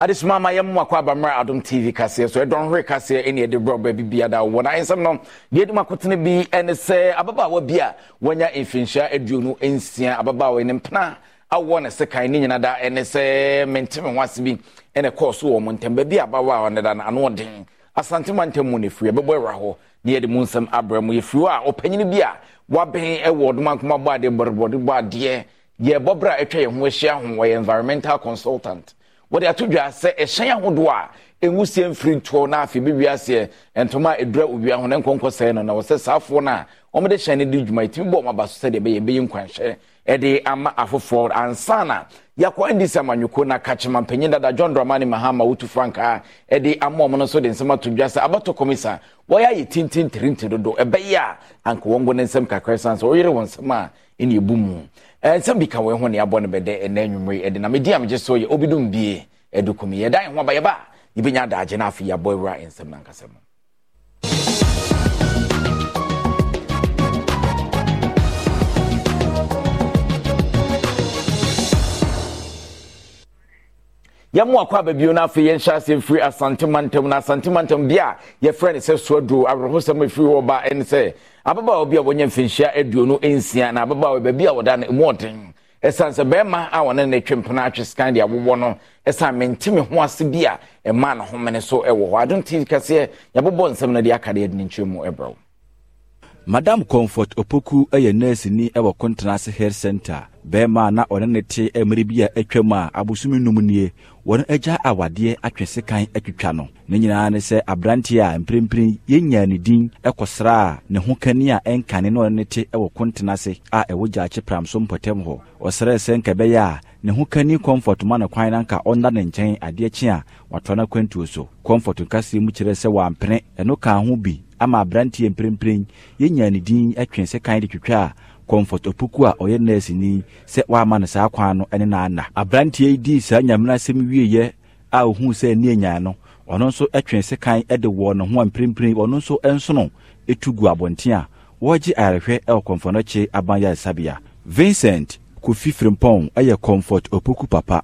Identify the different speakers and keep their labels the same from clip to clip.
Speaker 1: adesoma ama yɛn mu akɔ abammerɛ adom tv kaseɛ so ɛdɔn hwere kaseɛ ɛne ɛde brɛ ɔbaa bibi ada wɔ na nsɛm no deɛ ɛdum akotene bi ɛne sɛ ababaawa bi a wɔanya mfinhyia aduonu nsia ababaawa ne mpena awɔ ne sekan ne nyina da ɛne sɛ menteme ho ase bi ɛne kɔɔ so wɔ mo ntam baabi ababaawa ne da no ano ɔden asantema ntam mu no firi ɛbɛbɔ ɛwura hɔ ne yɛde mu nsɛm abrɛ mu yɛfiri hɔ a ɔpanyini bi a wabɛn ɛwɔ ɔdoma nkoma bɔ adeɛ bɔrebɔde bɔ adeɛ yɛbɔbrɛ a atwa yɛn ho ahyia ho wɔyɛ environmental consultant wɔde ato dwa sɛ ɛhyɛn ahodoɔ a ɛnwu sie mfiri ntoɔ na afei bɛwi aseɛ ntoma a ɛdura owia ho ne nkɔnkɔ sɛe no na wɔsɛ saafoɔ no a wɔmde hyɛn no di dwuma ɛtumi bɔ ɔmaba so sɛdeɛ ɛbɛyɛ ɛbɛyi nkwanhyɛ ɛde ama afoforɔ ansa na yɛakɔ andi sɛ amanyɔko na kakyema mpanyin dada john dramani mahama wotu frankaa ɛde ama ɔmo no so de nsɛm ato dwa sɛ abɛtɔ kɔmisa wɔyɛ ayɛ tintin tirinti dodo ɛbɛyɛ a anka wɔngo ne nsɛm kakra san sɛ wɔyere wɔn nsɛm a ɛne ɛbu mu nsɛm eh, bi ka wɔn ho ne abɔ no bɛdɛ ɛnɛ nnwom yi ɛde na medi a megye so yɛ obi dum bie ɛdu kum yi yɛda yɛn ho aba yɛba a yɛbɛnya adagye no afei yɛabɔ awura nsɛm no ankasa mu yɛmo akɔ ababio no afei yɛnhyɛ ase mfiri asante mantam na asante mantam bia yɛfrɛ ne sɛ soaduro awerɛhosɛm afiri hɔ ba ɛne sɛ ababaawa bi a wɔnyɛ mfinhyia aduonu nsia na ababaawa baabi a wɔda no mu ɔden ɛsan sɛ bɛrima a wɔne ne twe mpena atwe scan deɛ awowɔ no ɛsan mente me ho ase bi a ɛma ne homene so ɛwɔ hɔ adonte kɛseɛ yɛbobɔ nsɛm no de aka deɛ de nkyerɛ mu ɛbrɛw
Speaker 2: madam comfort opoku yɛ nɛɛsini wɔ kɔntena ase hair center bɛrima a na ɔne ne te mmerɛ bi a atwam a abosom num nie wɔn agya awadeɛ atwe sekan atwitwa no ne nyinaa ne sɛ aberanteɛ a mprempren yɛnyaa ne din ɛkɔsraa ne ho kani a ɛnkane na ɔne ne te ɛwɔ kontena ase a ɛwɔ gyaakye pramso mpɔtam hɔ ɔsrɛɛ sɛ nka ɛbɛyɛ a ne ho kani comfort ma ne kwan na nka ɔnda ne nkyɛn adeɛ kye a watɔ no akwantuo so comfort nkaseɛ mu kyerɛ sɛ wampene ɛno kaa ho bi ama aberanteɛ mprempren yɛnyaa ne din atwe sekan de twitwa a comfort opuku a ɔyɛ nurse ni sɛ wama no saa kwan no ɛne naana aberanteɛ yi dii saa nyamena asɛm wieyɛ a ohuu sɛ ani anyaa no ɔno nso ɛtwe sekan ɛde wɔ ne ho a mprempren ɔno nso ɛnsono ɛtu gu abɔnten a wɔregye ayarehwɛ ɛwɔ kɔmfɔ no kye aban yaresabea vincent kofi frimpɔn ɛyɛ comfort opoku papa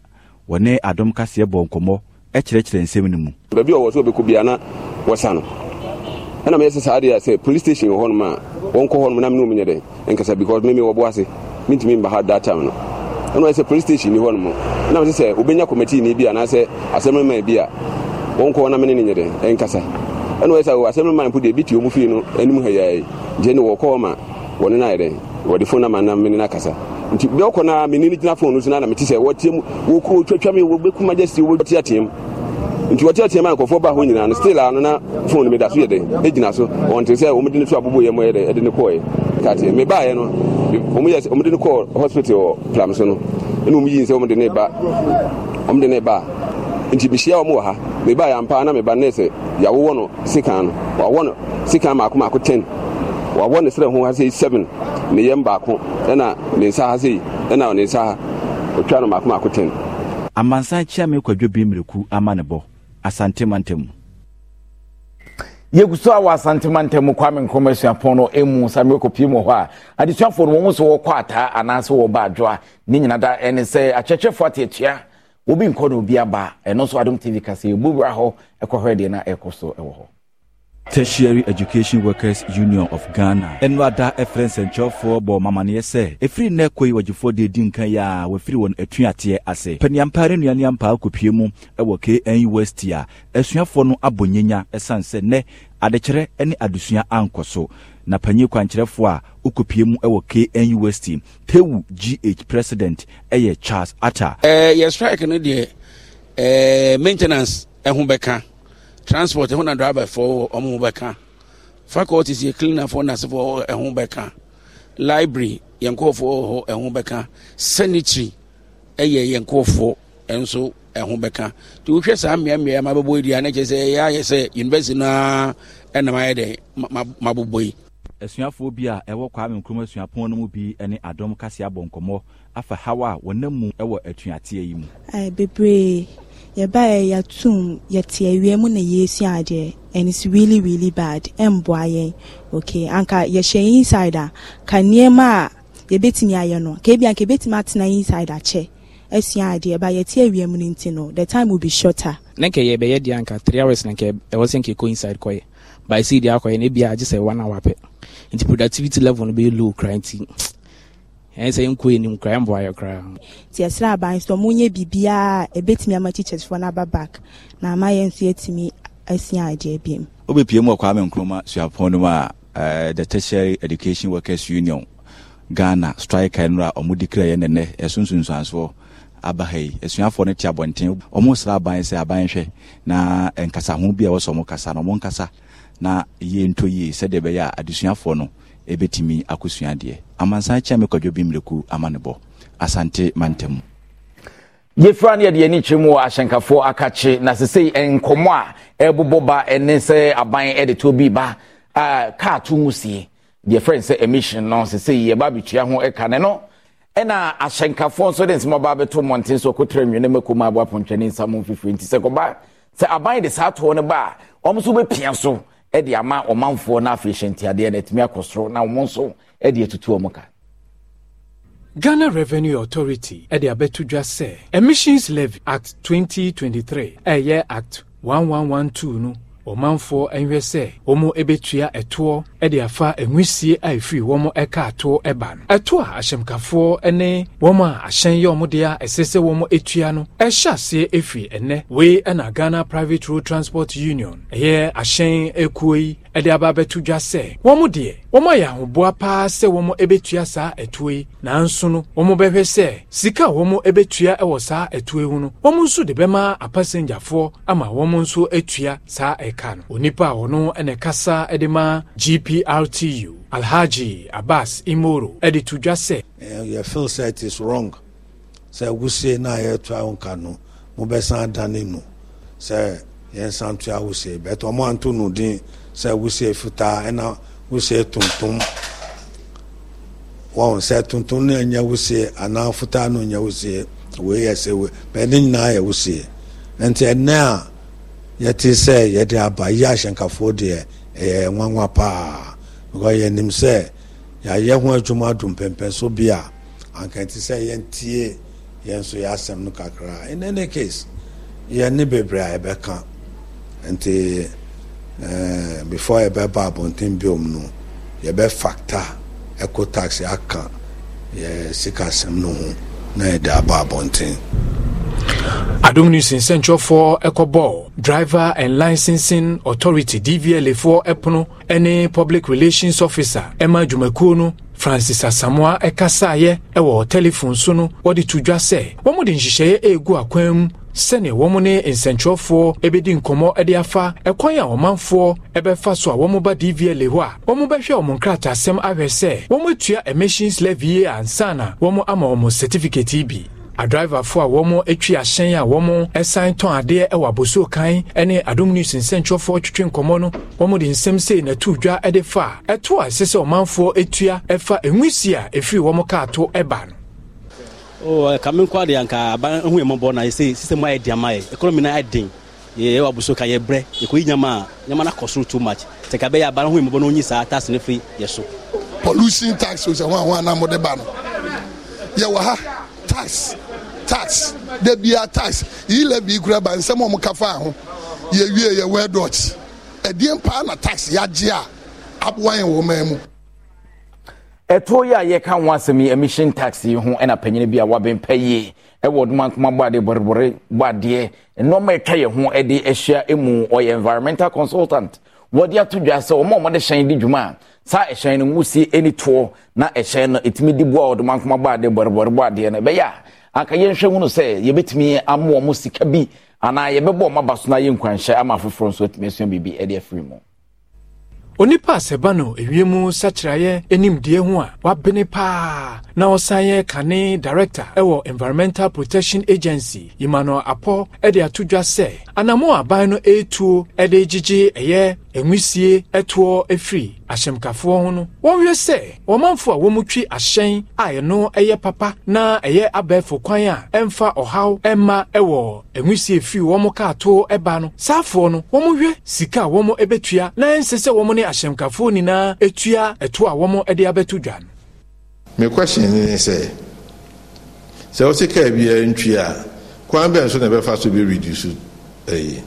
Speaker 2: wɔne adom kaseɛ bɔ nkɔmmɔ ɛkyerɛkyerɛ nsɛm no mu
Speaker 3: baabi a ɔwɔ sɛ ɔbɛkɔ bia na wɔsa no ɛna mɛyɛ sɛ saa deɛ sɛ police station wɔ hɔnom a wɔnkɔ hɔnom na mene ɔmunyɛ dɛn ɛnkasa because meme wɔboa ase mentumi mba ha da tam no ɛna ɔyɛ sɛ police station ni hɔnom ɛna mɛsɛ sɛ wobɛnya committee ni bi anaasɛ asɛmrema bi a wɔnkɔ na mene ne nyɛ dɛn ɛnkasa ɛna ɔyɛ sɛ asɛmrema mpo deɛ bi tie ɔmu fie no anim hayae gye ne wɔkɔɔ ma wɔne no ayɛ dɛn wɔde fo nama na mene no akasa nti bɛɛ kɔ na mɛ nini gyina fone no so na mete sɛ wɔtie mu wɔtwatwa me wɔbɛku majesty wɔte ateɛ mu nti wɔte ateɛ mu a nkɔfoɔ ba hɔ nyinaa no still ano na fone no meda so yɛ dɛ ɛgyina so ɔnte sɛ wɔmde ne so abobɔ yɛ mu yɛ dɛ ɛde ne kɔɔɛ kateɛ mebaeɛ no wɔmde ne kɔɔ hospital wɔ plam so no ɛne wɔmyii sɛ wɔmde ne ba wɔmde ne ba nti mehyia wɔm wɔ ha mebaeɛ ampa na meba ne sɛ yɛawowɔ no sekan no wɔawɔ no sekan maako maako 10 wa wɔne srɛ ho ha sei 7 ne yɛm baako ɛna ne nsa ha sei ɛna ne nsa ha ɔtwa no maako maako ten
Speaker 2: amansan kyia me kwadwo bi mmereku ama ne bɔ asantemantam
Speaker 1: yɛgu so a wɔ asantemantam mu kwame nkrɔma asuapɔn no ɛmu sa merekɔpie mu hɔ a adesuafoɔ no wɔn so wɔkɔ ataa anaasɛ wɔba adwoa ne nyina da ɛne sɛ akyerɛkyerɛfoɔ ateatua obi nkɔ na obi aba ɛno nso adom tv kasa yɛbu wura hɔ ɛkɔhwɛ deɛ na ɛkɔ so ɛwɔ hɔ
Speaker 2: tertiary education workers union of ghana ɛno ada ɛfrɛ nsɛnkyerɛfoɔ bɔ mamaneɛ sɛ ɛfiri nnɛ kɔ yi wagyefoɔ de di nka yi a wɔafiri wɔn atuateɛ ase paniampaa ne nnuaneampaa kɔpie mu ɛwɔ kn west a asuafoɔ no abɔ nyenya ɛsiane sɛ nnɛ adekyerɛ ne adesua ankɔ so na panyin kwankyerɛfoɔ a okopie mu wɔ kn west tewu gh president ɛyɛ charles atta
Speaker 1: eh, yɛ strike no deɛ eh, maintenance ɛho eh, bɛka transport ɛho na driverfoɔ ɔmo bɛka faculties yɛ cleanerfoɔ nasefoɔ ɛho bɛka library yɛn nkurɔfoɔ hɔ ɛho bɛka sanitary ɛyɛ yɛn nkurɔfoɔ ɛnso ɛho bɛka nti wohwɛ saa mmeammea ma bɛbɔ yi di a na kyerɛ sɛ ɛyɛ ayɛ sɛ university naa ɛnam ayɛ dɛ ma bɔbɔ yi
Speaker 2: asuafoɔ bi a ɛwɔ kwame nkrumah asuapɔn no mu bi ne adɔm kase abɔ nkɔmmɔ afa haw a wɔnam mu wɔ atuateɛ yi mu
Speaker 4: bebree yɛbaeɛ yɛatom yɛte awia mu na yɛresua adeɛ and it's really really bad ɛmboa yɛn okay anka yɛhyɛ inside a ka nneɛma a yɛbɛtumi ayɛ no ka ebi anka yɛbɛtumi atena inside akyɛ asua adeɛ ba yɛte awia mu no nti no the time will be shorter
Speaker 1: na nka yɛbɛyɛ deɛ anka three hours na nka ɛwɔ sɛ nka ɛkɔ inside but I see deɛ akɔyɛ no ebia agye sɛ one hour pɛ nti productivity level no bɛyɛ low kra nti ɛsɛ nko anim kora mboa yɛ koraa
Speaker 4: nti ɛsrɛ aban so monyɛ biribiaa ɛbɛtumi ama teachersfoɔ no aba back na ama yɛ nso yɛtumi asua agye biam
Speaker 2: wobɛpie mu ɔkwaa me nkroma suapɔn no mu a the tertiary education workers union ghana strike no a ɔmode kra yɛ nnɛnɛ ɛso nsunsuansoɔ aba ha yi asuafoɔ no te abɔnten ɔmo sra aban sɛ aban hwɛ na nkasa ho bi a wɔsɛ ɔmo kasa na ɔmo nkasa na yie nto yie sɛdeɛ ɛbɛyɛ a adesuafoɔ no ɛbɛtumi akosua adeɛ amansan kyia me kwadwo bi mmerɛku ama ne bɔ asante mantam
Speaker 1: yɛfira no yɛde ani kyerɛ mu wɔ ahyɛnkafoɔ aka kye na sesei nkɔmmɔ a ɛbobɔ ba ɛne sɛ aban ɛde to bi ba kaa to mu sie deɛ frɛ sɛ emission no sesei yɛba abɛtua ho ɛka ne no ɛna ahyɛnkafoɔ nso de nsɛm aba abɛto mmɔnten so ɔkɔtara nwene makɔm aboapɔntwɛne nsa mu mfifiri nti sɛ kɔba sɛ aban de saa toɔ no ba a ɔm nso wobɛpia so ɛde ama ɔmanfoɔ no afei hyɛntiadeɛ no atumi akɔ soro na wɔn nso ɛde atutu wɔn ka Ghana
Speaker 5: Revenue Authority ɛde abɛto dwa sɛ Emissions Levy Act 2023 ɛyɛ Act 1112 no ɔmanfoɔ nhwɛ sɛ wɔn ɛbɛtua ɛtoɔ ɛde afa enwisie a efiri wɔn ɛka atoɔ ɛba no ɛto a ahyɛnkafoɔ ne wɔn a ahyɛn yɛ wɔn deɛ ɛsɛ sɛ wɔn etua no ɛhyɛ aseɛ efiri ɛnɛ wei ɛna ghana private road transport union ɛyɛ ahyɛn ekuo yi ɛde aba abɛto dwa sɛ wɔn deɛ wɔn ayɛ ahoboa paa sɛ wɔn ebetua saa ɛtoɔ yi nanso no wɔn bɛhwɛ sɛ sika a wɔn ebetua ɛwɔ saa ɛtoɔ yi ho no wɔn nso de bɛma apasenjafoɔ ama wɔn nso etua saa ɛka no onipa a ɔno ɛna ɛkasa ɛde ma gp PRTU Alhaji Abbas Imoro ɛde to dwa sɛ.
Speaker 6: yɛ feel sɛ it is wrong sɛ wusie na yɛto awo nka no mo bɛ san dani no sɛ yɛn san to awo se bɛtɛ ɔmo anto no din sɛ wusie fitaa ɛna wusie tuntum wɔn sɛ tuntum no nyɛ wusie anaa fitaa no nyɛ wusie wei yɛ se wei bɛn ne nyinaa yɛ wusie nti ɛnɛ a yɛte sɛ yɛde aba yi ahyɛnkafoɔ deɛ ɛyɛ nwanwa paa because yɛnim sɛ yɛayɛ ho adwuma do mpɛmpɛ so bi a anka ti sɛ yɛntie yɛn nso yɛ no kakra in any case yɛne bebree a yɛbɛka nti before yɛbɛba abɔnten biom no yɛbɛ factor ɛkɔ tax aka yɛ sika no ho na yɛde aba abɔnten adom news nsɛnkyerɛfoɔ
Speaker 5: ɛkɔbɔɔ driver and licensing authority dvla foɔ ɛpono ne public relations officer ɛma adwumakuo no francis asamoa ɛkasaeɛ ɛwɔ telephone so no wɔde to dwa sɛ wɔmode nhyehyɛeɛ ɛregu akwan mu sɛnea wɔn ne nsɛntwerɛfoɔ bɛdi nkɔmmɔ de afa ɛkwan a ɔmanfoɔ bɛfa so a wɔn ba dvla hɔ a wɔn bɛhwɛ wɔn nkrataa asɛm ahwɛ sɛ wɔn atua emissions levy ansana na wɔn ama wɔn certificate yi bi adriverfoɔ a wɔn atwi ahyɛn a wɔn san tɔn adeɛ wɔ abosuo kan ne adom news nsɛntwerɛfoɔ twitwi nkɔmmɔ no wɔn de nsɛm sei na ɛto dwa de fa a ɛto a ɛsɛ sɛ ɔmanfoɔ atua ɛfa nwisi a ɛfiri wɔn kaato ba no
Speaker 2: oh, eh, kame nkɔ adeɛ anka aba ho yɛ mmɔbɔ na ɛsɛ sisɛ mu ayɛ diama yɛ ɛkɔnɔmi na ayɛ den yɛ ɛwɔ aboso ka yɛ brɛ yɛkɔyi nyama nyama na kɔ too much sɛ ka bɛyɛ aba ho yɛ mmɔbɔ na onyi saa
Speaker 7: tax ne firi yɛ so pollution tax o sɛ ho
Speaker 8: a mo de ba no
Speaker 7: yɛwɔ ha tax tax da a tax yile bi kura ba nsɛm a ɔmo ka
Speaker 1: fa ho yɛwie yɛ word dot ɛdeɛ paa na tax yagye a
Speaker 8: aboa yɛn wɔ man mu.
Speaker 1: ɛto yi a yɛka ho asɛm yi emission tax yi ho ɛna panyin bi a wabɛnpɛ yie ɛwɔ ɔdoma nkoma bɔ adeɛ bɔrebɔre bɔ adeɛ nneɛma atwa yɛn ho ɛde ahyia emu ɔyɛ environmental consultant wɔde ato dwa sɛ wɔn a wɔde hyɛn di dwuma a saa ɛhyɛn no nwusie ɛni toɔ na ɛhyɛn no ɛtumi di boa ɔde mankoma bɔ adeɛ bɔrebɔre bɔ adeɛ no ɛbɛyɛ a anka yɛnhwɛ hu no sɛ yɛbɛtumi amoɔ mo sika bi anaa yɛbɛbɔ ɔmo aba na yɛ nkwanhyɛ ama afoforɔ nso atumi asua biribi ɛde afiri mu onipa asɛba
Speaker 5: no ewiem sakyerɛeɛ animdeɛ ho a wabene paa na ɔsan yɛ kane director ɛwɔ environmental protection agency emmanuel apɔ ɛde ato dwa sɛ anamɔ aban no ɛretuo ɛde gyegye ɛyɛ enwisie ɛtoɔ efiri ahyɛnkafoɔ ho no wɔnwie sɛ wɔmanfo a wɔmutwi ahyɛn a ɛno ɛyɛ papa na ɛyɛ abɛɛfo kwan a ɛmfa ɔhaw ɛmma ɛwɔ enwisie firi wɔn kaato ɛba no saafoɔ no wɔn hwɛ sika wɔn ɛbɛtua na ɛnsɛ sɛ wɔn ne ne ahyɛnkafoɔ nyinaa etua ɛto a wɔn de abɛto dwa no.
Speaker 9: me question ni sɛ sɛ wosi kaa biara ntwi a kwan bɛn so na ɛbɛfa so bi reduce ɛyi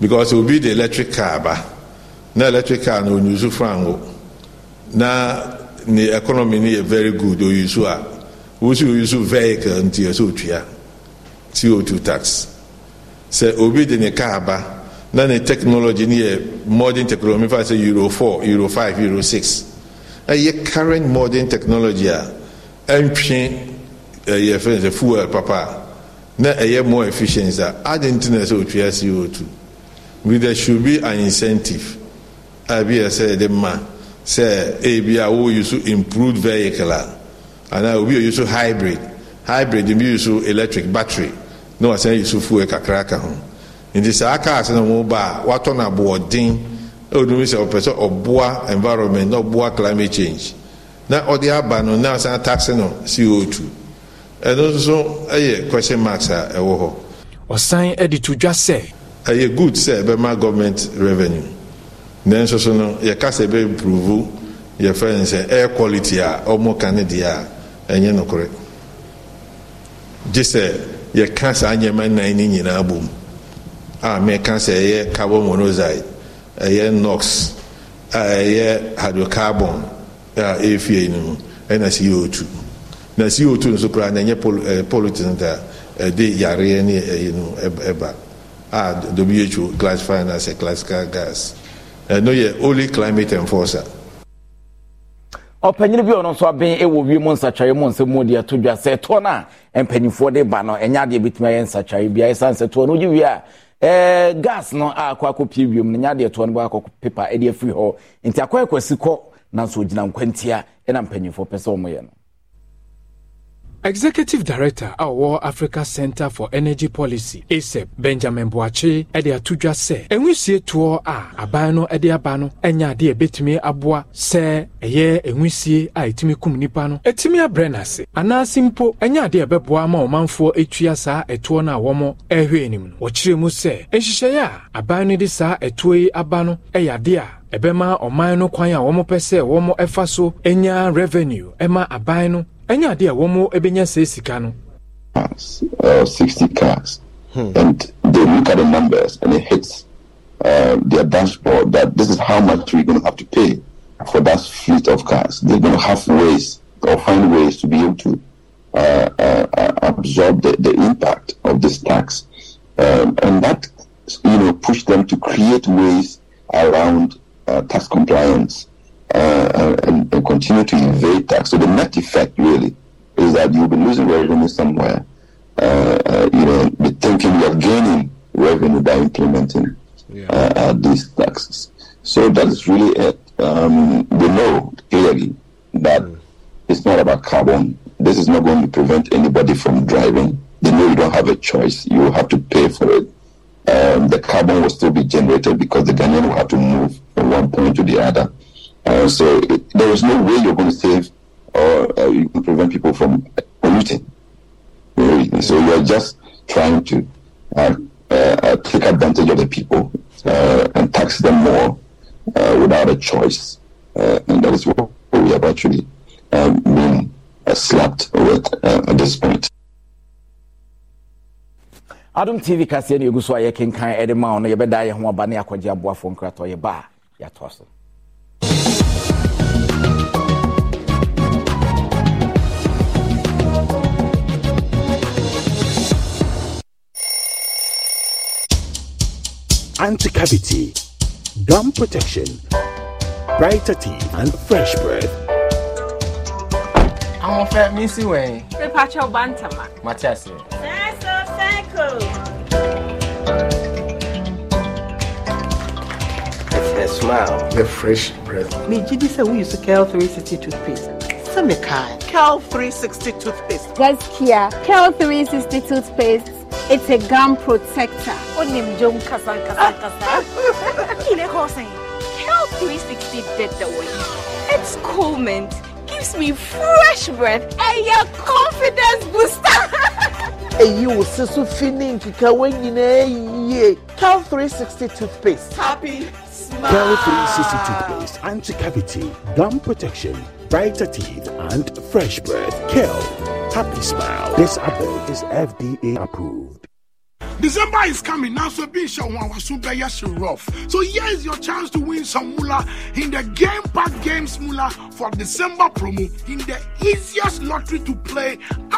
Speaker 9: because obi de electric car ba na electric car na onyusu frango na ne economy ni yɛ very good oyusu a wosi oyusu vehicle nti yɛ so otua co2 tax sɛ obi de ne car ba na ne technology ne yɛ modern technology mefa sɛ euro four euro five euro six ɛyɛ current modern technology a ɛntwe ɛyɛ fɛn sɛ fuel papa na ɛyɛ more efficient a adi nti na sɛ otua co two we there should be an incentive a bi yɛ sɛ yɛde ma sɛ ebi a wo use improved vehicle a ana obi yɛ use hybrid hybrid bi use electric battery na wasan use fuel kakraka ho. nti saa cars no mu ba a watɔ no aboɔden ɔdumi sɛ ɔpɛ sɛ ɔboa environment na ɔboa climate change na ɔde aba no na asan taxe no co2 ɛno nso yɛ question marks a ɛwɔ hɔ ɔsan de to dwa sɛ ɛyɛ good sɛ ɛbɛma government revenue nso so no yɛka sɛ sɛ air quality a ɔmo ka a ɛnyɛ nokorɛ gye sɛ yɛka saa nneɛma nnan nyinaa bom ameka sɛ ɛyɛ carbon monoxide ɛyɛ nox a ɛyɛ hydrocarbon a ɛfie eh, eh, eh, no mu ɛna co2 na co2 nso koraa na ɛnyɛ politin da ɛde yareɛ ne ɛyi no ɛba a who classify no as classical gas ɛno yɛ only climate enforcer
Speaker 1: ɔpanyini bi ɔno nso aben ɛwɔ wiem nsatwareɛ mu nsɛm mu de ato dwa sɛ ɛtoɔ no a mpanyimfoɔ de ba no ɛnyɛ adeɛ bɛtumi ayɛ nsatwareɛ biara ɛsiane sɛ toɔ no wogye wie a eh, gas no a akɔ akɔpie wiem no nyɛ adeɛ toɔ no bɔ akɔ pepa de afiri hɔ nti akɔ akɔsi kɔ nanso ɔgyina nkwantia ɛna mpanyimfoɔ pɛ sɛ ɔmoyɛ no
Speaker 5: executive director a ɔwɔ africa center for energy policy asep benjamin buakye de ato dwa sɛ enwusietoɔ a aban no de aba no nya adeɛ ebetumi aboa sɛ ɛyɛ enwusie a etumi kum nipa no etumi abrɛ n'ase anaasị mpo nya adeɛ ɛbɛboa ama ɔmanfoɔ etua saa ɛtoɔ no a wɔn ɛrehwɛ anim no wɔkyerɛ mu sɛ nhyehyɛeɛ a aban no de saa ɛtoɔ yi aba no yɛ adeɛ a ɛbɛma ɔman no kwan a wɔpɛ sɛ wɔn fa so nya revenue ma aban no Any idea a more bɛnya say sika no.
Speaker 10: uh, sixty cars hmm. and they look at the numbers and it hits uh, their dashboard that this is how much we're going to have to pay for that fleet of cars. They're going to have ways or find ways to be able to uh, uh, uh, absorb the, the impact of this tax, um, and that you know push them to create ways around uh, tax compliance will continue to evade tax. So the net effect really is that you'll be losing revenue somewhere. Uh, uh, you know, be thinking you're gaining revenue by implementing yeah. Uh, uh, these taxes. So that is really it. Um, we know clearly that mm. it's not about carbon. This is not going to prevent anybody from driving. They know you don't have a choice. You have to pay for it. Um, the carbon will still be generated because the Ghanaian will have to move from one point to the other uh, so it, there is no way you're going to save or uh, you can prevent people from polluting. Really. So you're just trying to uh, uh, uh take advantage of the people uh, and tax them more without a choice. and that is what we have actually um, been slapped with at this point.
Speaker 1: Adam tv kaseɛ ne ɛgu so a yɛkenkan de ma wo no yɛbɛda yɛ ho aba ne yɛakɔgye aboafoɔ nkratɔ yɛba a yɛatoa so
Speaker 11: anti-cavity, gum protection, brighter teeth,
Speaker 12: and fresh breath. I'm mí fat wẹ̀yìn. pépà
Speaker 4: tí ọba ń tàmà. Matthias. sẹ́sọ sẹ́kù.
Speaker 13: A smile. The fresh breath.
Speaker 12: Me jidi say we use Kel 360 toothpaste. Semi Kel
Speaker 14: 360
Speaker 15: toothpaste.
Speaker 14: Guys,
Speaker 4: Kia. Kel 360 toothpaste. It's a gum protector. Onim John, kasan kasan kasan. Kile kosan. Health 360 did the way. It's mint, Gives me fresh breath and your confidence
Speaker 15: booster. Eyi so sisu to nkika we nyinaa yie. Cal 360 toothpaste. Happy smile. Cal 360 toothpaste, anti-cavity,
Speaker 11: gum protection, brighter teeth, and fresh breath. Cal happy smile. This advert is FDA approved. December is coming now, so be sure one was super yes rough. So here is your chance to win some moolah in the Game Pack Games moolah for December promo in the easiest lottery to play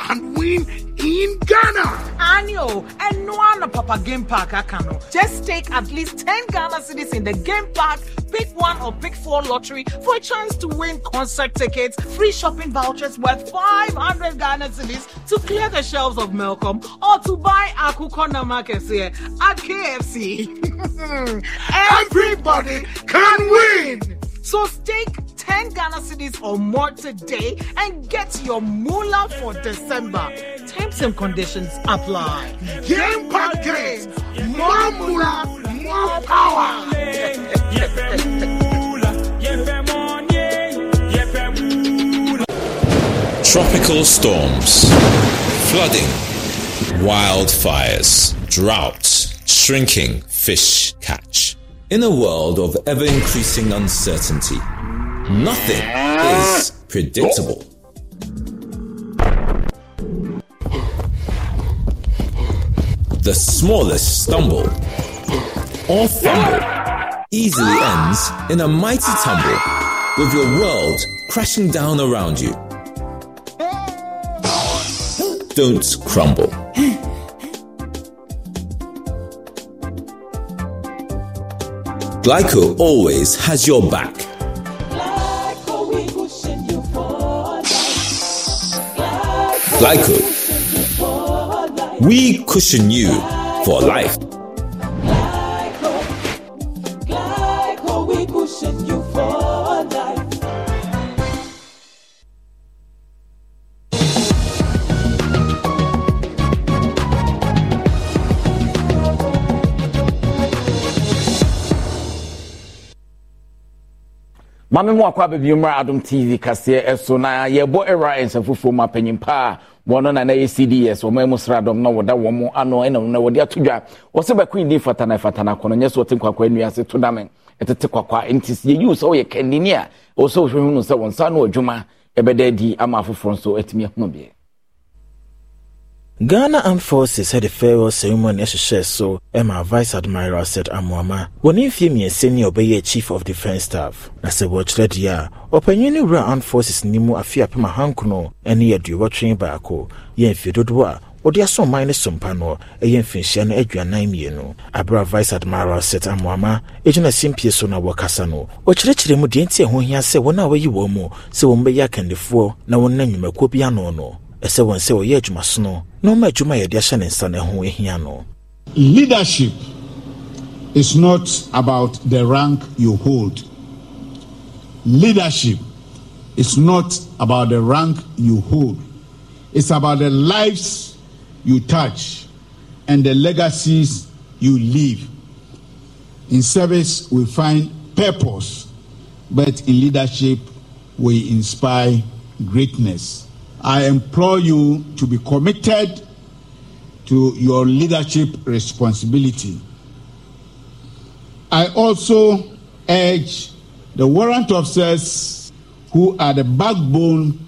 Speaker 15: and win in Ghana. Annual and no one Papa Game Pack Akano. Just take at least 10 Ghana cities in the Game Pack, pick one or pick four lottery for a chance to win concert tickets, free shopping vouchers worth 500 Ghana cities to clear the shelves of Melcom or to buy Akukonama mama kɛseɛ at KFC. Everybody can win! So stake 10 Ghana cities or more today and get your moolah for December. Terms and conditions apply. Game pack games, more moolah, more power.
Speaker 10: Tropical storms, flooding Wildfires, droughts, shrinking fish catch. In a world of ever increasing uncertainty, nothing is predictable. The smallest stumble or fumble easily ends in a mighty tumble with your world crashing down around you don't crumble. Glyco always has your back. Glyco, we cushion you for life.
Speaker 1: mame mu akɔ abɛbio mmra adom tv kaseɛ ɛso na yɛbɔ ɛra ɛnsa foforɔ mu apanyimpa a wɔno na na yɛ cds wɔma mu sradɔm na wɔda wɔ ano ɛna na wɔde ato dwa wɔ sɛ bɛko yɛdi fatana fatana kɔno nyɛ sɛ wɔte nkwakwa nnua ase to dame ɛtete kwakwa nti yɛyi wo sɛ woyɛ kandini a ɛwɔ sɛ wohwehwɛ no sɛ wɔ nsa no adwuma ɛbɛda adi ama afoforɔ nso atumi ahunu biɛ
Speaker 14: Ghana Armed Forces had a farewell ceremony as so Emma Vice Admiral said Amwama. When in Femi and Senior Obey Chief of Defence Staff, as a watch led ya, Opinion Ra Armed Forces Nimu Afia Pema Hankuno, and near the watching Bako, Yen Fidodwa, wɔde asomman ne sompa no ɛyɛ mfinhyia no aduanan mmienu abere vice admiral set amoama egyina simpie so na wɔkasa no ɔkyerɛkyerɛ mu deɛ nti ɛho hia sɛ wɔn a wɔyi wɔn mu sɛ wɔn bɛyɛ akandifoɔ na wɔn na nnwumakuo bi ano no ɛsɛ wɔn sɛ ɔyɛ adwumasono na ɔma adwuma yɛde ahyɛ ne nsa no ho ahia no leadership
Speaker 7: is not about the rank you hold leadership is not about the rank you hold it's about the lives you touch and the legacies you leave in service we find purpose but in leadership we inspire greatness I implore you to be committed to your leadership responsibility. I also urge the warrant officers who are the backbone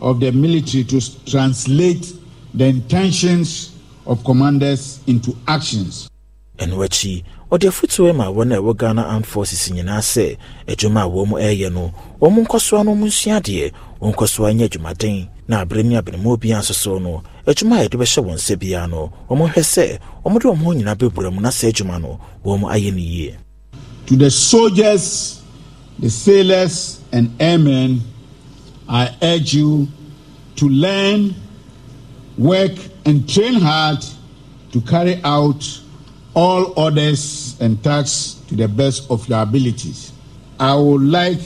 Speaker 7: of the military to translate the intentions of commanders into actions. ɛno
Speaker 14: akyi ɔde afotuo ma wɔn a ɛwɔ ghana armed forces nyinaa sɛ adwuma a wɔn ɛreyɛ no wɔn nkɔsoa no nsua adeɛ wɔn nkɔsoa nyɛ adwumaden na abere ne abenemu biara nso so no adwuma a yɛde bɛhyɛ wɔn nsa biara no wɔn hwɛ sɛ wɔn de wɔn ho nyinaa bɛbura mu na sɛ adwuma no
Speaker 7: wɔn ayɛ no yie. to the soldiers the sailors and airmen i urge you to learn work and train hard to carry out. all orders and tasks to the best of your abilities. I would like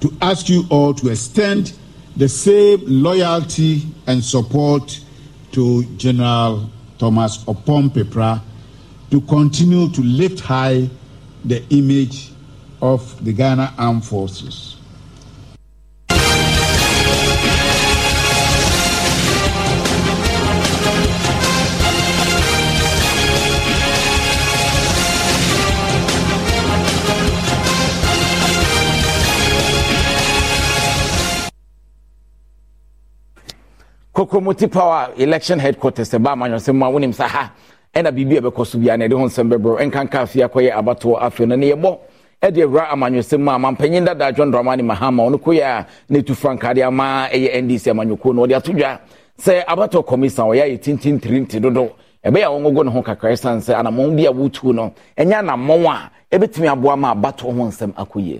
Speaker 7: to ask you all to extend the same loyalty and support to General Thomas Opompepra Pepra to continue to lift high the image of the Ghana Armed Forces.
Speaker 1: kokomoti power election headquarters ɛba amanyɔ sɛ mu a wonim sa ha ɛna biribi a ɛbɛkɔ so bia na ɛde ho nsɛm bɛbrɛ ɛnkanka afei akɔyɛ abatoɔ afei no ne yɛbɔ ɛde awura amanyɔsɛm mu a mampanyin dada adwo ndorɔma ne mahama ɔno kɔyɛ a na ɛtu franka de ama ɛyɛ ndc amanyɔkuo no ɔde ato dwa sɛ abatoɔ commission ɔyɛ ayɛ tintin tirinti dodo ɛbɛyɛ a wɔngogo ne ho kakra ɛsiane sɛ anammɔn bi a wotuo no ɛnyɛ anammɔn a ɛbɛtumi aboa ma abatoɔ ho nsɛm akɔ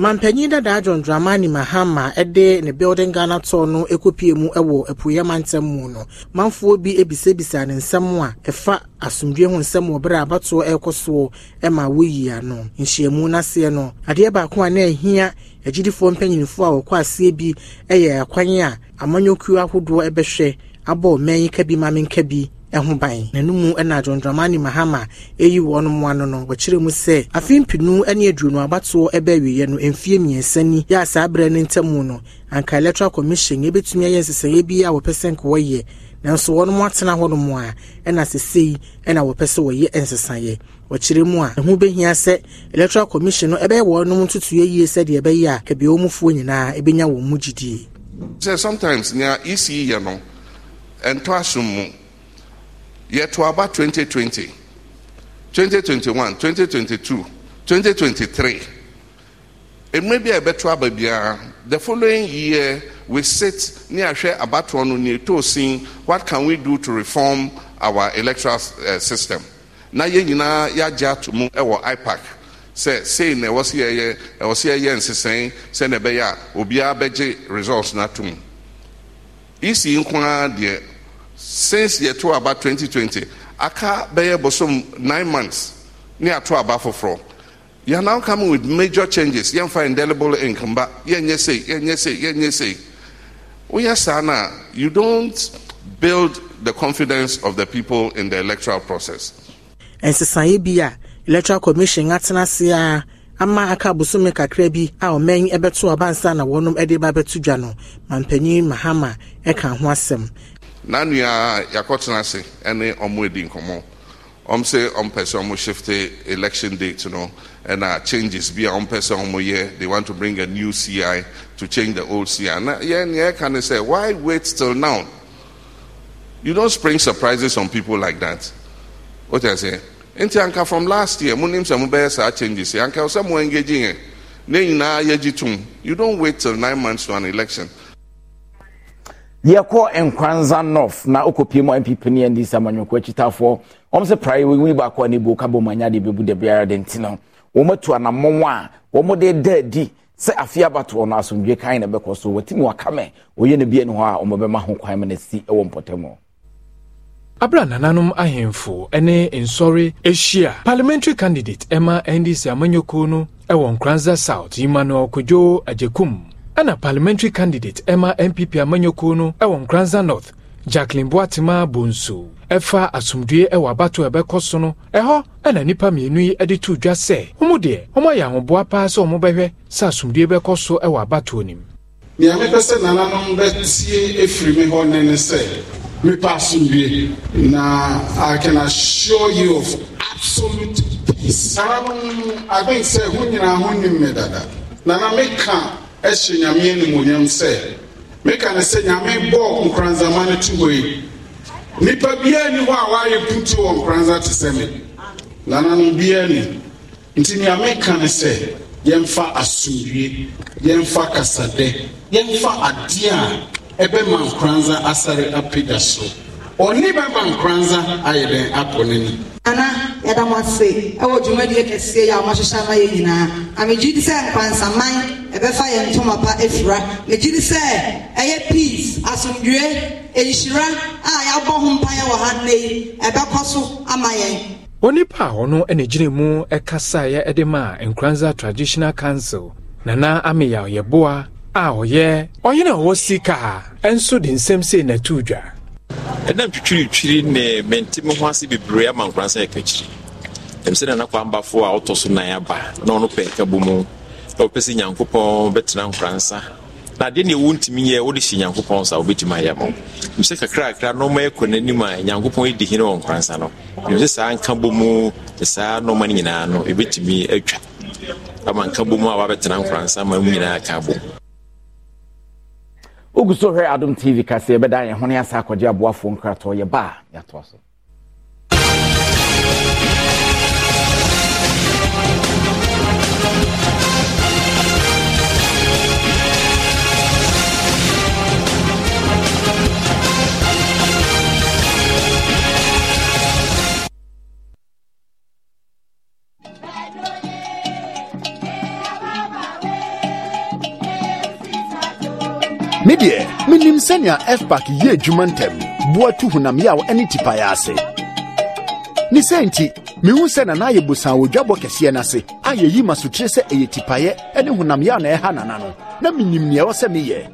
Speaker 12: mampanyin dadaa john dramani mahama de ne building ghana tour no kɔpie mu wɔ apueɛ mantam mu no manfoɔ bi ebisabisa ne nsɛm a ɛfa asomdwe ho nsɛm wɔ berɛ a abatoɔ ɛrekɔ soɔ ma woyi ano nhyiamu n'aseɛ no adeɛ baako a na ɛhia agyidifoɔ mpanyinfoɔ a wɔkɔ aseɛ bi yɛ akwan a amanyɔkuo ahodoɔ bɛhwɛ abɔ ɔman yi ka bi mame nka bi ɛho ban n'anom ɛna adwondramani mahama ɛyi wɔn mo ano no wɔkyerɛ mu sɛ afe mpinu ne aduonu abatoɔ ɛbɛ awieɛ no mfie mmiɛnsa ni yɛ a saa berɛ no ntam no anka electoral commission yɛbɛtumi ayɛ nsesɛeɛ bi a wɔpɛ sɛ nka wɔyɛ nanso wɔn mo atena hɔnom a ɛna sesei ɛna wɔpɛ sɛ wɔyɛ nsesaeɛ wɔkyerɛ mu a ɛho bɛhia sɛ electoral commission no ɛbɛyɛ wɔnom ntutuo yie sɛdeɛ ɛbɛyɛ a kabiɛ wɔmufoɔ nyinaa ɛbɛnya wɔn mu gyidie
Speaker 8: sɛ sometimes nea esi yɛ no ɛntɔ asom mu yet to about 2020, 2021, 2022, 2023. It may be a better baby. Uh, the following year, we sit near share about one near to seeing what can we do to reform our electoral uh, system. Na yɛn nyinaa yɛagye ato mu wɔ IPAC sɛ sei na ɛwɔ sɛ yɛyɛ ɛwɔ sɛ yɛyɛ nsesɛn sɛ na ɛbɛyɛ a obiara bɛgye results no ato mu. EC nko ara since yɛto aba 2020 aka bɛyɛ bosom nine months ne ato aba foforɔ you are now coming with major changes You are yɛmfa indelible ink mba yɛnyɛ sei yɛnyɛ sei yɛnyɛ sei woyɛ saa no a you don't build the confidence of the people in the electoral process
Speaker 12: ɛnsesaeɛ bi a electoral commission atena ase a ama aka abosome kakra bi a ɔmɛn ɛbɛto abansa na wɔnom ɛde ba bɛto dwa no mampanyin mahama ɛka ho asɛm
Speaker 8: na ya yɛakɔtena ase ne ɔmo adi nkɔmmɔ ɔm sɛ ɔmpɛ sɛ ɔmo shifte election date no ɛna uh, changes bi a ɔmpɛ sɛ ɔmo yɛ they want to bring a new ci to change the old ci na yɛn yɛn ka ne sɛ why wait till now you don't spring surprises on people like that what i say nti anka from last year mo nim sɛ mo bɛyɛ saa changes anka sɛ mo engage yɛn ne nyinaa yɛgye tom you don't wait till nine months to an election.
Speaker 1: yɛkɔ nkwanza north na okɔpie mu npp ne ndc amanyɔkɔ akyitafoɔ wɔn sɛ praeɛ wɔwini baako a ne bu okabɔ mu anyade bɛbu da biara de nti no wɔn atu anammɔn a wɔn de da adi sɛ afe abatoɔ no asomdwe kan na ɛbɛkɔ so wɔtumi wakame wɔyɛ no bie ne hɔ a wɔn bɛma ho kwan ma na si wɔ mpɔtam
Speaker 5: abra nananom ahemfo ne nsɔre ahyia parliamentary candidate ɛma ndc amanyɔkɔ no wɔ nkranza south emmanuel kwadwo agyekum ɛna parliamentary candidate ɛma npp amanyɔkuo no ɛwɔ nkranza north jacqueline boatema bonso ɛfa asomdue ɛwɔ abato ɛbɛkɔ so no ɛhɔ ɛna nnipa mmienu yi de too dwa sɛ ɔmo deɛ ɔmo ayɛ ahoboa paa sɛ ɔmo bɛhwɛ sɛ asomdue bɛkɔ so ɛwɔ abatoɔ nim
Speaker 7: nea mepɛ sɛ nananom bɛtie ɛfiri me hɔ ne ne sɛ mepɛ asomdue na i can assure you of absolute peace nananom i think sɛ ho nyinaa ho nim me dada nana meka ɛhyɛ nyame animonyam sɛ meka ne sɛ nyame bɔɔ nkoranzama no to hɔ yi nnipa biara ni hɔ a wɔayɛ putu wɔ nkoranza te sɛ me nananom biara ni nti nea meka ne sɛ yɛmfa asomdwie yɛmfa kasadɛ yɛmfa adeɛ a ɛbɛma nkoranza asare apagya so ɔne bɛma nkoranza ayɛ dɛn akɔ ne ni ana
Speaker 4: yɛda mo ase ɛwɔ dwumadie kɛseɛ yi a wɔahyehyɛ ama yɛ nyinaa amegye di sɛ nkwansaman ɛbɛfa yɛn ntoma pa afira megye di sɛ ɛyɛ peace asomdue
Speaker 15: nhyira a yɛabɔ ho mpaeɛ wɔ ha nnɛ yi ɛbɛkɔ so ama yɛn
Speaker 5: onipa a ɔno na gyina mu kasaeɛ de ma nkranza traditional council nana ameya ɔyɛboa a ɔyɛ ɔyene a ɔwɔ sika a ɛnso de nsɛm sei na to dwa
Speaker 1: ɛnam twitwiritwiri ne mente me ho ase bebree ama nkransa yɛka kyiri ɛm sɛ nana kwambafoɔ a ɔtɔ so nan aba na ɔno pɛ ɛka bɔ mu a wopɛ sɛ nyankopɔn bɛtena nkoransa na adeɛ ne ɛwo ntumi yɛ wode hyɛ nyankopɔn sa wobɛtumi ayɛ mo m sɛ kakrakra nɔma yɛkɔ n'anim a nyankopɔn ɛdi hene wɔ nkoransa no ɛm sɛ saa nka bɔ mu ne saa nɔma no nyinaa no ɛbɛtumi atwa ama nka bɔ mu a wabɛtena nkoransa ma mu nyinaa ka bɔ ogu so hwɛ adom tv kaseɛ bɛda yɛn ho ne asa akɔgye aboafoɔ nkratoɔ yɛba a yɛatoa so
Speaker 7: me deɛ menim sɛnea fpak yɛ adwuma ntɛm boa tu honam yaw ne tipaeɛ ase ne sɛ nti mehu sɛ na ayɛ bosan wɔ dwabɔ kɛseɛ no ase a yɛyi ma sotire sɛ ɛyɛ tipaeɛ ne honam yaw na ɛha nana no na menim nea ɛwɔ sɛ meyɛ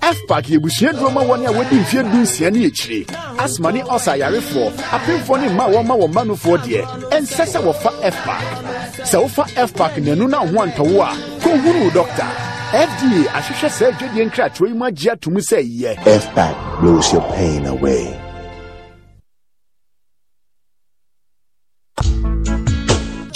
Speaker 7: fpak yɛbusua duro ma wɔne a wɔadi mfeɛ du nsia ne yɛkyire asma ne ɔsa ayarefoɔ apemfoɔ ne mmaa wɔma wɔn manofoɔ deɛ ɛnsɛ sɛ wɔfa fpak sɛ wofa fpak nanu na wo ho antɔwo a kɔhunu wo dɔkta FDA ahwehwɛ sɛ adwadeɛ nkratoɔ yi mu agye ato mu sɛ
Speaker 13: yɛ. FPAC blows your pain away.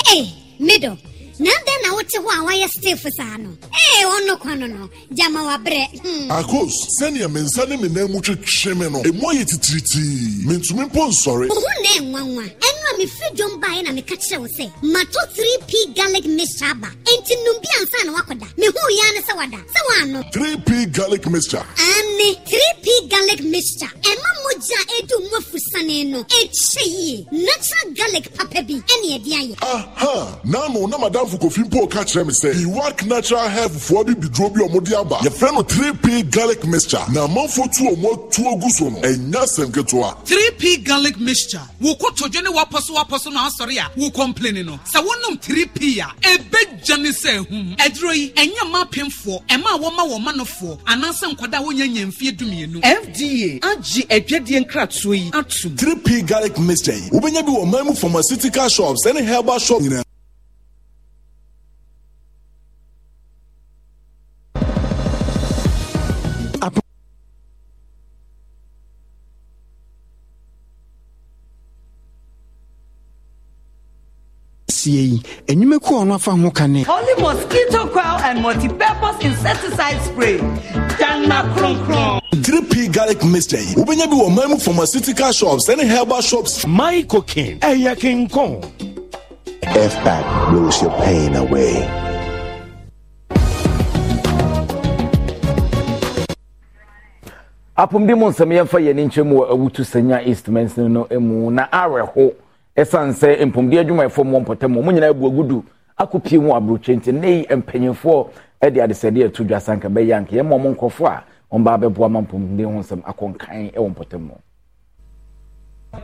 Speaker 15: Hey, middle na ɛdɛn na wote hɔ a wayɛ stef saa no ee ɔno kɔ no no gyama wabrɛ hmm.
Speaker 13: akos sɛnea me nsa ne me nan mu twetwe me no ɛmu ayɛ titiritii mentumi mpo nsɔre wo ho na
Speaker 15: ɛno a mefiri dwom baeɛ na meka kyerɛ wo sɛ mato 3p garlic mixture aba enti nom bi ansa na wakɔda mehuu yɛa ne sɛ wada sɛ woano
Speaker 13: 3p garlic mixture
Speaker 15: ane 3p garlic mixture ɛma mogya a ɛdu mu afusane no ɛkyɛ yie natural garlic papa bi ɛne ɛde ayɛ aha
Speaker 13: naano na madam asɔfo kofi mpo ka kyerɛ me sɛ iwak natural health foɔ bi biduro bi ɔmo de aba yɛfrɛ no 3p garlic mixture na amanfoɔ tu ɔmo atuo gu so no ɛnya sɛm ketewa
Speaker 15: 3p garlic mixture wo kotodwe ne wapɔ so wapɔ so na asɔre a wo kɔmpleni no sɛ wonom 3p a ɛbɛgya ne sɛ ahum ɛduro yi ɛnyɛ ma apemfoɔ ɛma a wɔma wɔn ma nofoɔ anaasɛ nkwadaa a wɔnya nya mfie dumienu fda agye adwadeɛ nkratoɔ yi atum 3p garlic mixture yi
Speaker 16: wobɛnya bi wɔ man pharmaceutical shops ɛne herbal shop nyinaa
Speaker 12: kɛseɛ yi enyimeku ɔno afa ho kane. only
Speaker 15: mosquito coil and multi-purpose insecticide spray dana kronkron.
Speaker 16: three p garlic mixture yi wobɛnya bi wɔ mɛmu pharmaceutical shops any herbal shops. my cooking ɛyɛ kinkon.
Speaker 13: fbac blows your pain away.
Speaker 1: apɔmuden mu nsɛm yɛmfa yɛn ne nkyɛn mu wɔ awutu sanya instruments no mu na awerɛho ɛsiane sɛ mpɔmdeɛ adwumayɛfoɔ mmɔ mpɔtam ɔmo nyinaa abu agudu akɔpie mu aburokye nti ne mpanyinfoɔ de adesɛdeɛ ato dwa sanka bɛyɛ anka yɛma ɔmo nkɔfoɔ a ɔmbaa bɛboa ma mpɔmdeɛ ho nsɛm akɔnkan wɔ mpɔtam mu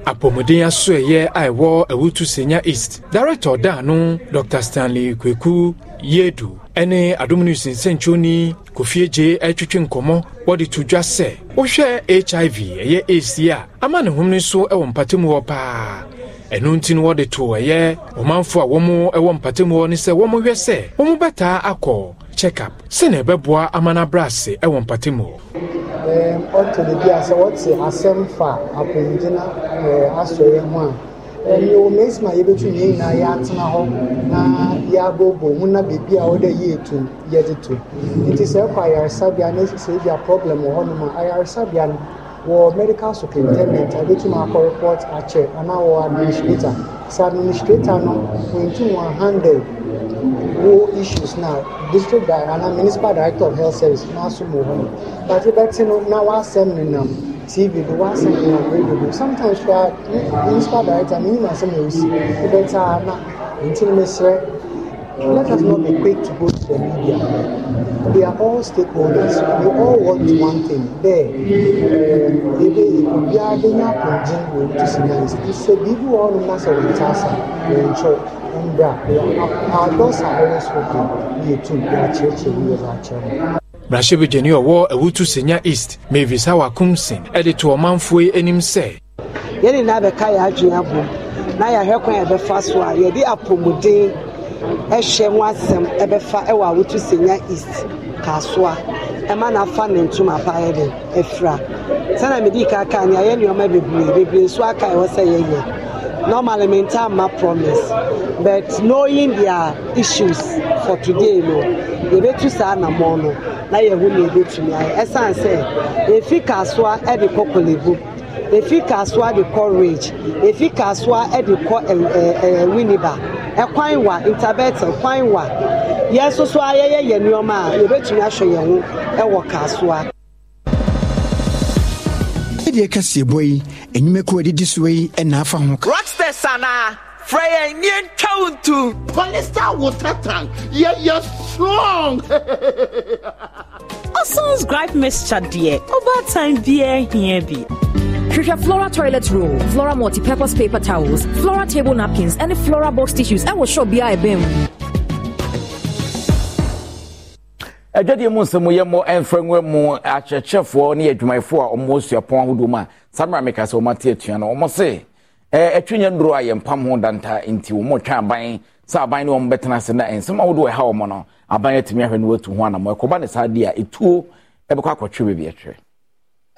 Speaker 5: apɔmuden asoɛyɛ a ɛwɔ awutu senya east director daano dr stanley kweku yedu ɛne adom news nsɛnkyɛwni kofie gye ɛretwetwe nkɔmmɔ wɔde to dwa sɛ wohwɛ hiv ɛyɛ aids yi a ama ne hom no so wɔ mpatamu hɔ paa ɛno nti no wɔde to ɛyɛ ɔmanfoɔ a wɔn wɔ mpatamu hɔ ne sɛ wɔn hwɛ sɛ wɔn bɛtaa akɔ check up sɛnea ɛbɛboa amana no abra ase wɔ mpatamu
Speaker 8: hɔ.
Speaker 13: ɔtɔ ne bi asɛ wɔte asɛm fa apɔngyina asɔre ho a ɛyɛ ɔmɛnsi ma yɛbɛtu ne nyinaa yɛatena hɔ na yɛabobɔ mu na biribi a
Speaker 12: wɔde yɛ etu yɛde to nti sɛ ɛkɔ ayaresabea ne sɛ ebi a problem wɔ hɔnom a ayaresabea no wɔ medical superintendent a ebi tuma akɔ report akyɛ anaa wɔ administrator sɛ administrator no wɔntum wɔn handle wo issues na district di anaa municipal director of health service n'aso mu hɔ but ebɛti no na w'asɛm nenam tv do w'asɛm nenam radio do sometimes koraa municipal director mi nyina asɛm na osi ebɛti a na nti no mesrɛ. Let us not be quick to go to the media. We are all stakeholders. We all want one thing. There, uh, we are adenya apɔnkye wɔ mu to signalist. Nsɛ people wɔ hɔnom na sɛ wɔn nkyɛn asa wɔn Our doors are always open.
Speaker 15: too, we
Speaker 7: are akyerɛkyerɛ We are akyerɛ
Speaker 5: brahyɛ bɛgyani ɔwɔ awutu senya east mavis awa kumsen ɛde to ɔmanfoɔ yi anim sɛ
Speaker 15: yɛn nyinaa bɛka yɛ adwene abom na yɛahwɛ kwan yɛbɛfa so a yɛde apɔmuden ɛhyɛ ho asɛm ɛbɛfa ɛwɔ awotu senya east kaasoa ɛma n'afa ne ntom apa ayɛ den ɛfira sɛnɛ mi di kaka n'i ayɛ nneɛma bebree bebree nso aka ɛwɔ sɛ yɛyɛ normally me nta ma promise but knowing their issues for today no yɛbɛtu saa anamɔ no na yɛho ne yɛbɛtumi ayɛ ɛsan sɛ yɛfi kaasoa ɛde kɔ kɔlɛbu yɛfi kaasoa de kɔ rage efi kaasoa ɛde kɔ ɛɛ ɛɛ winiba. ɛkwan wa ntabɛɛtɛl kwan wa yɛn nso so a yɛn nneɛma a yɛbɛtumi ahwɛ yɛn ho ɛwɔ kaasoa.
Speaker 12: ɛdeɛ kɛseɛ bɔ yi enyimɛkɔ adidi soɔ yi ɛna afa ho. rockstars
Speaker 15: Freya in your town too. Pallister water tank. Yeah, you're strong.
Speaker 4: Oson's gripe Mister dear. Over time, dear, here be. Trisha Flora toilet roll, Flora multi-purpose paper towels, Flora table napkins, and Flora box tissues. I will show BI BIM.
Speaker 1: agyadeɛ mu nsɛm yɛ mmɔ ɛmfrɛ nwa mu akyerɛkyerɛfoɔ ne adwumayɛfoɔ a ɔmmɔ suapɔn ahodoɔ mu a saa meka sɛ ɔmate atua no ɔmɔ se ɛtwenya eh, eh, ndoro a yɛmpam ho danta nti wɔn ɔtwa aban sɛ aban ne wɔn bɛtena ase na nsɛm ahodoɔ ɛha wɔn no aban atumi ahwɛ no watu ho anamɔ ɛkɔba ne saa deɛ etuo ɛbɛkɔ akɔtwe baabi atwerɛ.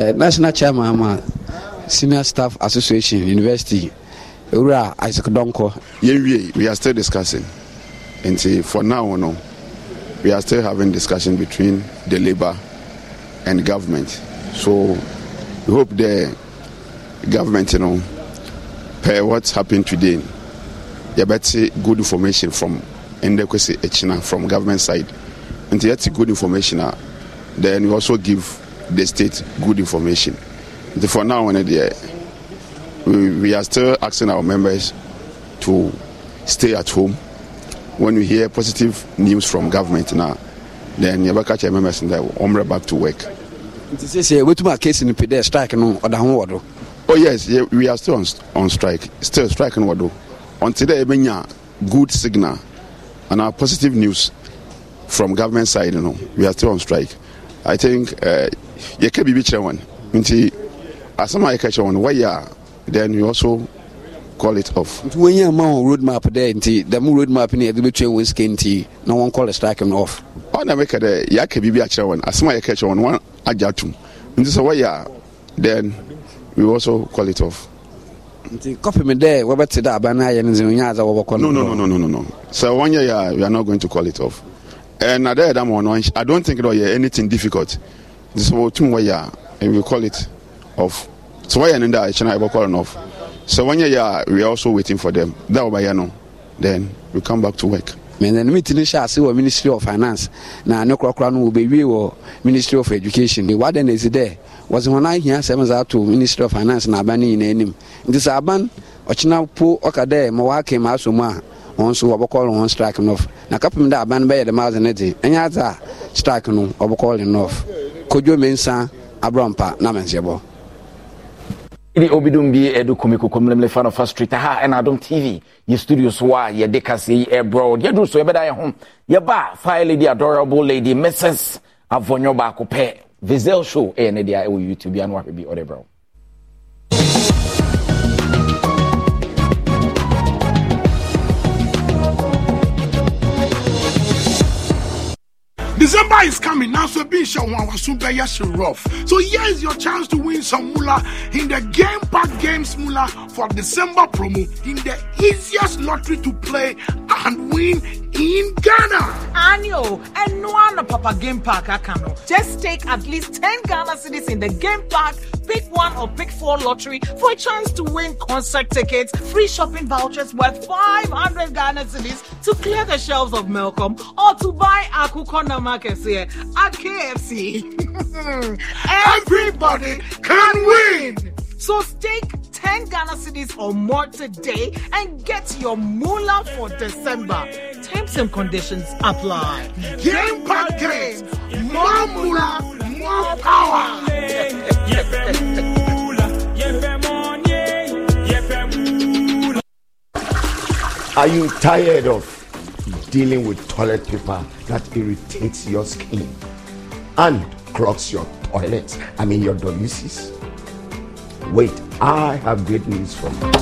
Speaker 17: Uh, eh, national chairman ama senior staff association university ewura isaac donko. yɛnwie we are still discussing nti for now no we are still having discussion between the labour and government so we hope the government you know, per what happened today yɛbɛte good information from ndɛkwesi akyina from government side And nti yɛte good information ah. then we also give the state good information for now we, we are still asking our members to stay at home when we hear positive news from government now then yɛbɛka kyerɛ members to dɛ back to work This is a case in the strike no Oh yes, yeah, we are still on, on strike. Still striking wado. Until there is be good signal and our positive news from government side, you know, we are still on strike. I think uh, you can be chairman. Until as some I catch one, why yeah, then you also call it off. When you ma on road map there, nti the road map ni edu betwe one skin nti no one call a strike and off. On America, make there ya ka bibi a chairman. As some I catch one, one ajatum. Nti so why yeah, then we also call it off. nti kɔpi mi dɛ wɔbɛte dɛ aban n'ayɛ ne nsɛm nyaadza wɔbɛkɔ no. no no no no no no so one year yeah, we are not going to call it off and na dɛ ɛdam wɔn i don't think dɛ ɔyɛ anything difficult nti sɛ wɔtum wɔyɛ a we call it off so wɔyɛ ne dɛ ɛkyɛn a yɛbɛkɔ no off so one year yeah, we are also waiting for them That dɛ wɔbɛyɛ no then we come back to work. mmeanimtini hyɛ ase wɔ ministry of finance na ne korakora no wɔbɛwie wɔ ministry of education wada na ɛsi dɛ wɔse hɔn ahia asɛm saa ministry of finance na aban no nyinaa anim nti sɛ aban ɔkyena po ɔka dɛ ma wɔake ma mu a wɔn nso wɔn strike na dɛ aban bɛyɛ dɛm adze ne ɛnyɛ adze a strike no kodwo mensa
Speaker 13: na
Speaker 1: ide obidom bi ɛde komikoko mmerɛmmerɛ fa no fa street ha ɛna adom tv yɛ studio so a yɛde kaseɛ yi ɛbrɛ deɛ so yɛbɛda yɛ ho yɛba fire lady adorable lady mrs avɔnyɔ baako pɛ vizel show ɛyɛ eh, ne deɛ ɛwɔ youtube bi ano ahwɛ bi ɔde
Speaker 11: December is coming now, so be sure one was super yes rough. So here is your chance to win some mula in the Game Pack Games mula for December promo
Speaker 15: in the easiest lottery to play and win in Ghana. Annual and no Papa Game Pack Akano. Just take at least 10 Ghana cities in the Game Pack, pick one or pick four lottery for a chance to win concert tickets, free shopping vouchers worth 500 Ghana cities to clear the shelves of Melcom or to buy Akukonama mama kɛseɛ eh? at KFC. Everybody can win. So stake 10 Ghana cities or more today and get your moolah for December. Terms and conditions apply. Game game, more moolah, more power.
Speaker 13: Are you tired of dealing with toilet paper that irritates your skin and clogs your toilets I mean your dolisis. Wait, I have great news for you.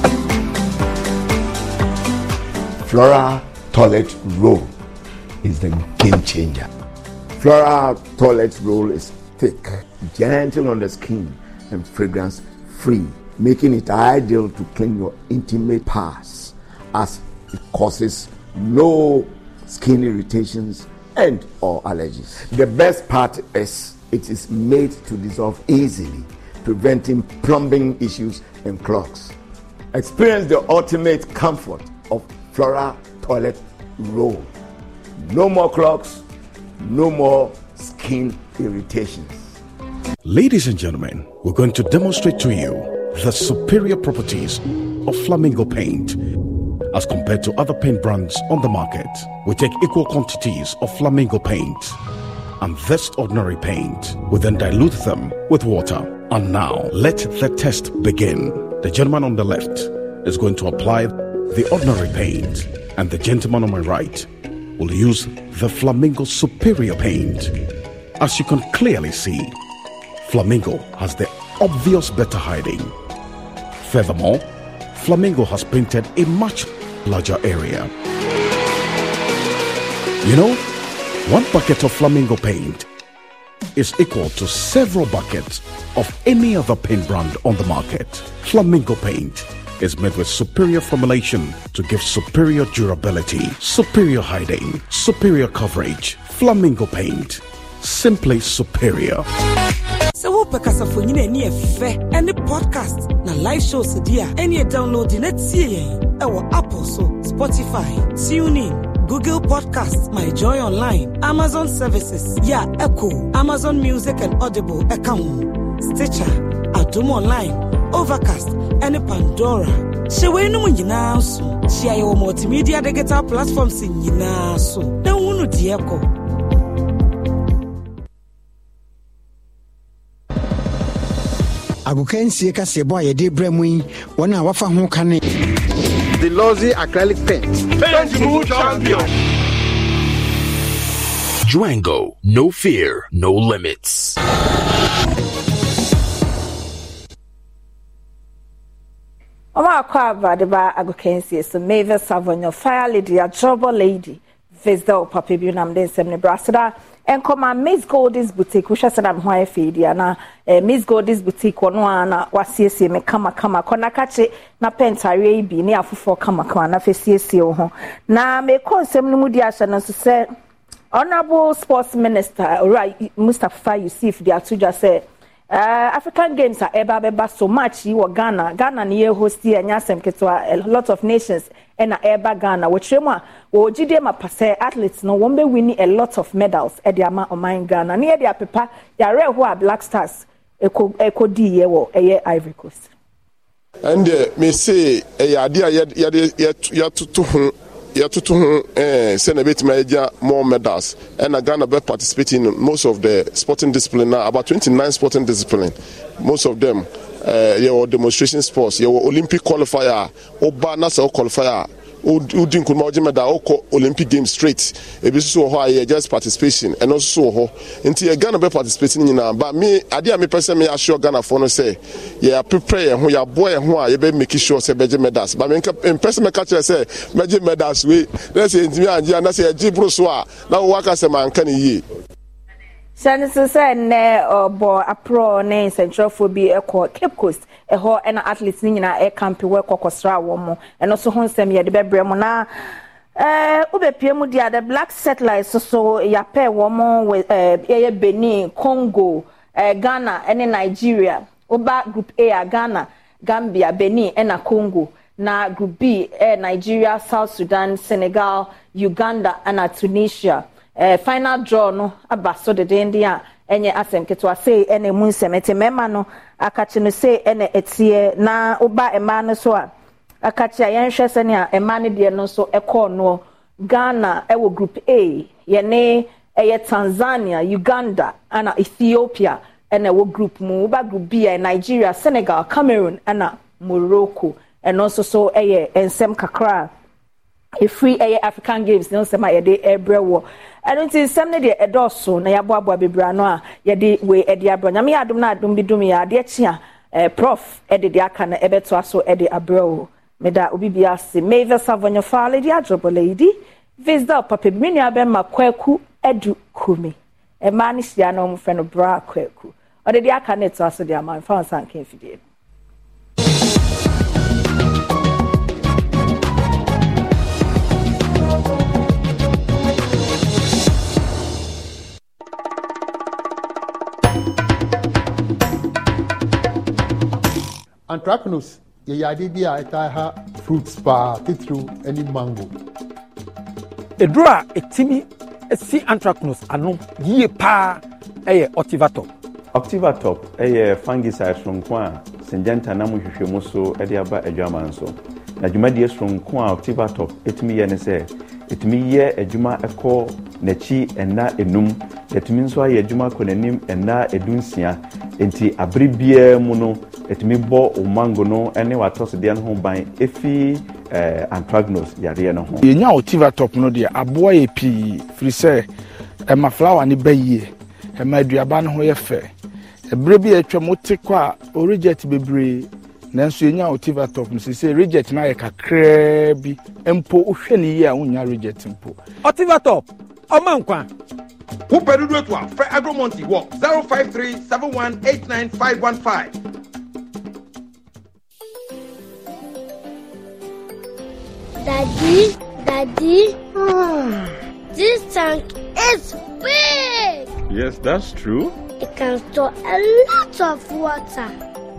Speaker 13: Flora Toilet Roll is the game changer. Flora Toilet Roll is thick, gentle on the skin, and fragrance free, making it ideal to clean your intimate parts as it causes no skin irritations, and or allergies. The best part is it is made to dissolve easily, preventing plumbing issues and clogs. Experience the ultimate comfort of Flora Toilet Roll. No more clogs, no more skin irritations. Ladies and
Speaker 11: gentlemen, we're going to demonstrate to you the superior properties of flamingo paint as compared to other paint brands on the market. We take equal quantities of flamingo paint and this ordinary paint. We then dilute them with water. And now let the test begin. The gentleman on the left is going to apply the ordinary paint, and the gentleman on my right will use the Flamingo Superior paint. As you can clearly see, Flamingo has the obvious better hiding. Furthermore, Flamingo has painted a much larger area. You know, one bucket of flamingo paint is equal to several buckets of any other paint brand on the market. Flamingo paint is made with superior formulation to give superior durability, superior hiding, superior coverage. Flamingo paint, simply superior.
Speaker 15: sɛ wopɛ kasafonyina ani ɛfɛ ɛne podcast na live shows deɛ a ɛneɛ download na tie yɛn ɛwɔ apple so spotify tunein Google Podcasts, My Joy Online, Amazon Services, yeah, Echo, Amazon Music and Audible, Ekamu, Stitcher, Adomo Online, Overcast, and Pandora. Ṣé wẹ́n nínú nyinaa so? Ṣé àyẹ̀wò multimedia digital platforms nyinaa so? Na wúnú díẹ̀ kọ̀.
Speaker 12: agoka kaseɛ bɔ a yɛde brɛ mu yi wɔn a wafa ho kane
Speaker 7: the lozy acrylic paint paint mu champion
Speaker 10: Durango, no fear, no limits.
Speaker 4: Oma akwa abadeba agokensie so Mavis Savonyo, fire lady, a trouble lady, visit the papi bi unam den nkɔma miss goldis boutique wohwɛ eh, sɛ na me ho ayɛ fɛ di ana eh, miss goldis boutique ɔno a na wasiesie me kamakama kɔnaka kye na pɛntareɛ yi bi ne afoforɔ kamakama na afɛ siesie wo ho na mekɔ nsɛm no mu di ahyɛ no nso sɛ honourable sports minister owura mustapha yusuf de atodwa sɛ Uh, african games a ɛba bɛba so match yi wɔ ghana ghana ne yɛ host yi ɛnyɛ asɛm ketewa a lot of nations ɛna ɛba ghana wɔkyerɛ mu a wɔgyi deɛ ma pasɛ athletes no wɔn bɛwi ni a lot of medals ɛde ama ɔman ghana ne yɛde apepa yɛarɛ hɔ a black stars ɛkɔ ɛkɔdii yɛ wɔ ɛyɛ ivory coast.
Speaker 7: ɛn deɛ mese ɛyɛ adeɛ a yɛde yɛtoto ho yɛtoto ho eh, sɛnea ɛbɛtumi agya more medals ɛna ghana bɛ participate in most of the sporting discipline now about 29 sporting discipline most of them uh, yɛwɔ demonstration sports yɛwɔ olympic qualifier a woba na sɛ wo qualifier a wodi nkuruma wogye meda wokɔ olympic game straight ebi nso wɔ hɔ a yɛ just participation ɛno nso wɔ hɔ nti yɛ ghana bɛ participate nyinaa ba mi adeɛ a mepɛ sɛ me ahyɛ ghanafoɔ no sɛ yɛ prepare yɛn ho yɛaboa yɛn ho a yɛbɛ make sure sɛ bɛgye medals ba mi mpɛ sɛ mɛka kyerɛ sɛ mɛgye medals wei na sɛ yɛntumi angye a na sɛ yɛgye boro so a na wowɔ aka sɛ manka no yie
Speaker 4: hyɛ no sɛ nnɛ ɔbɔ aprɔ ne nsɛntwerɛfoɔ bi kɔ cape coast ɛhɔ ɛna athletes no nyinaa ɛkampe wɔ kɔkɔsra wɔ mo ɛno nso ho nsɛm yɛde bɛbrɛ eh, mu na wobɛpie mu deɛ the black satellite so so yɛapɛ wɔ mo ɛyɛ eh, benin congo eh, ghana ne nigeria woba group a a ghana gambia benin ɛna congo na group b nigeria south sudan senegal uganda ɛna tunisia Eh, final draw no aba so dedenden a ɛnyɛ asɛm ketewa sei ɛna emu nsɛm ɛte mmarima no akakye no sei ɛna ɛteɛ na ɔba mmaa no so a akakye a yɛnhwɛ sɛnea mmaa no deɛ no nso ɛkɔɔ noɔ ghana ɛwɔ group a yɛne ɛyɛ tanzania uganda ɛna ethiopia ɛna ɛwɔ group mu ɔba group b yɛ eh, nigeria senegal cameroon ɛna morocco ɛno nso so ɛyɛ nsɛm kakra a efiri ɛyɛ african games ne nsɛm a yɛde ɛrebrɛ wɔ. ɛno nti nsɛm no deɛ ɛdɔɔso na yɛaboaboa bebree ano a yɛde wei ɛde abrɛ nyame yɛ adom no adom bi dum yɛ adeɛ kye a prof ɛde deɛ aka no ɛbɛtoa so ɛde abrɛ o meda obi bi ase mave savonyɔfa ledi adrobɔla yidi visdal papa bi me nua bɛma kwaku adu kome ɛmaa no hyia na ɔmfrɛ no braa kwaku ɔde deɛ aka no ɛtoa so deɛ ama mfa nsa nka mfidie no
Speaker 7: anthraquinose yɛyɛ ade bi a ɛtaa ha fruits paa titiriw ne mango. eduro a etimi esi
Speaker 14: anthracnose ano yie paa yɛ octivatop. octivatop yɛ
Speaker 2: fungicide sonko a syngenta nam hwehwɛ mu so de aba adwama nso na dwumadie sonko a octivatop tumi yɛ ne sɛ ɛtumi yɛ adwuma ɛkɔ n'akyi ɛna enum ɛtumi nso ayɛ adwuma kɔ n'anim ɛna edunsia nti abere mu no ɛtumi bɔ ɔmango no ne watɔsodeɛ no ho ban efi ɛɛ
Speaker 7: eh, anthracnose yareɛ no ho. yɛnya otiva top no deɛ aboa yɛ pii firi sɛ ɛma flower no bɛ yie ɛma aduaba no ho yɛ fɛ ɛberɛ bi a atwam wote kɔ a oreject bebree nanso yɛnya otiva top no sisɛ reject no ayɛ kakraa bi mpo wohwɛ ne yie a wonya reject mpo. otiva top ɔma nkwa.
Speaker 14: wopɛ dodoɔ to a fɛ agromonti wɔ 053
Speaker 15: Daddy, Daddy, this tank is big.
Speaker 16: Yes, that's true.
Speaker 15: It can store a lot of water.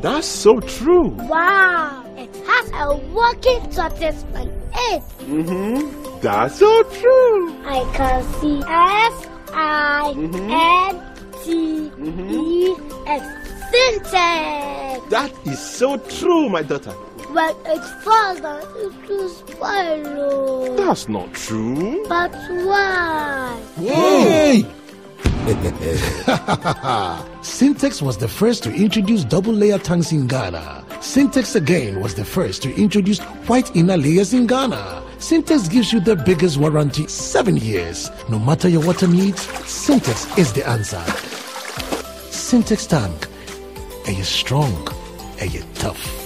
Speaker 16: That's so true.
Speaker 15: Wow, it has a working tortoise on it.
Speaker 16: Mm-hmm. That's so
Speaker 15: true. I can see F I mm-hmm. N T mm-hmm. E S
Speaker 3: That is so true, my daughter.
Speaker 15: But its father is swallow.
Speaker 3: That's not true.
Speaker 15: That's why. Yay!
Speaker 11: Syntex was the first to introduce double layer tanks in Ghana. Syntex again was the first to introduce white inner layers in Ghana. Syntex gives you the biggest warranty seven years. No matter your water needs, Syntex is the answer. Syntex tank. Are you
Speaker 6: strong? Are you tough?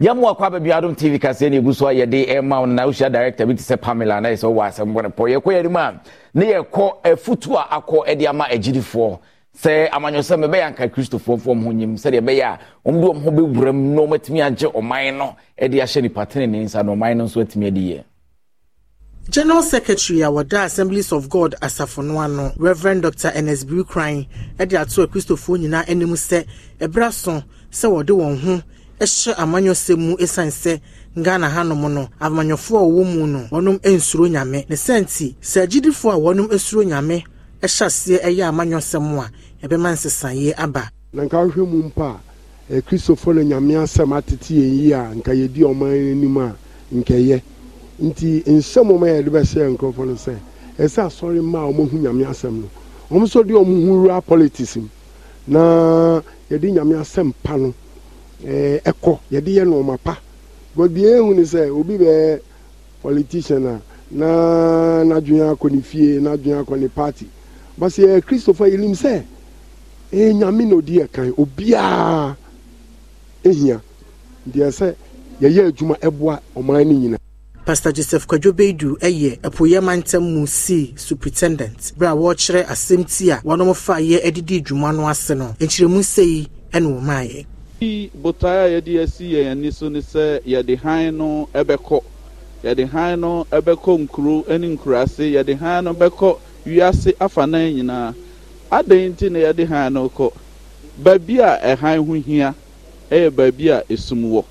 Speaker 1: yɛm wɔ kɔ abɛbi adom tv kaseɛ ne ɛgu so a yɛde ɛma wo na wohyia director bi te sɛ pamela na yɛ sɛ wowɔ asɛm bɔne pɔ yɛkɔ yɛde mu a ne yɛkɔ e afutu a akɔ de ama agyidifoɔ e sɛ amanyɔsɛ mebɛyɛ anka kristofoɔ fo ɔm ho nyim sɛdeɛ ɛbɛyɛ a ɔmde ɔm ho bɛwura mu na ɔmatumi agye ɔman no de ahyɛ nipa tenene nsa na ɔman no nso atumi adi yɛ
Speaker 12: General Secretary a wɔda Assemblies of God asafo no ano Reverend Dr. Ernest Bukrine de ato akristofo nyinaa anim sɛ e ɛberɛ so sɛ wɔde wɔn ho hyɛ amanyɔsɛm mu ɛsiane sɛ ghana hanom no amanyɔfoɔ a wɔwɔ mu no wɔnom nsuro nyame ne sɛnti sɛ agyidifoɔ a wɔnom asuro nyame ɛhyɛ aseɛ ɛyɛ amanyɔsɛm a ɛbɛma nsesaeɛ aba
Speaker 7: na nka wohwɛ mu mpa a e, no nyame asɛm atete yɛn yi a nka yɛdi anim a nkɛyɛ nti nsɛm yɛde bɛhyɛ no sɛ asɔre ma a ɔmahu nyame asɛm no ɔm de politics Eh, ɛkɔ yɛde yɛ nɔɔma pa but ehu ne sɛ obi bɛ politician a na n'adwene akɔ ne fie n'adwene akɔ ne party basi ɛ kristofo yɛlim sɛ ee nyame na odi ɛkan obiara ehia deɛ sɛ
Speaker 12: yɛyɛ adwuma ɛboa ɔman ne nyinaa. pastor joseph kwadwo beidu yɛ ɛpoyɛma ntɛm mu sii superintendent bere a wɔrekyerɛ asɛm ti a wɔnom fa yɛ adidi dwuma no ase no nkyerɛmu sɛ yi ne wɔn
Speaker 16: yi botae a yɛde asi yɛn ani so ne sɛ yɛde hann no ɛbɛkɔ yɛde hann no ɛbɛkɔ nkuro ɛne nkuraase yɛde hann no bɛkɔ wiase afanan nyinaa adan nti na yɛde hann no kɔ baabi a ɛhan ho hia ɛyɛ baabi a esum wɔ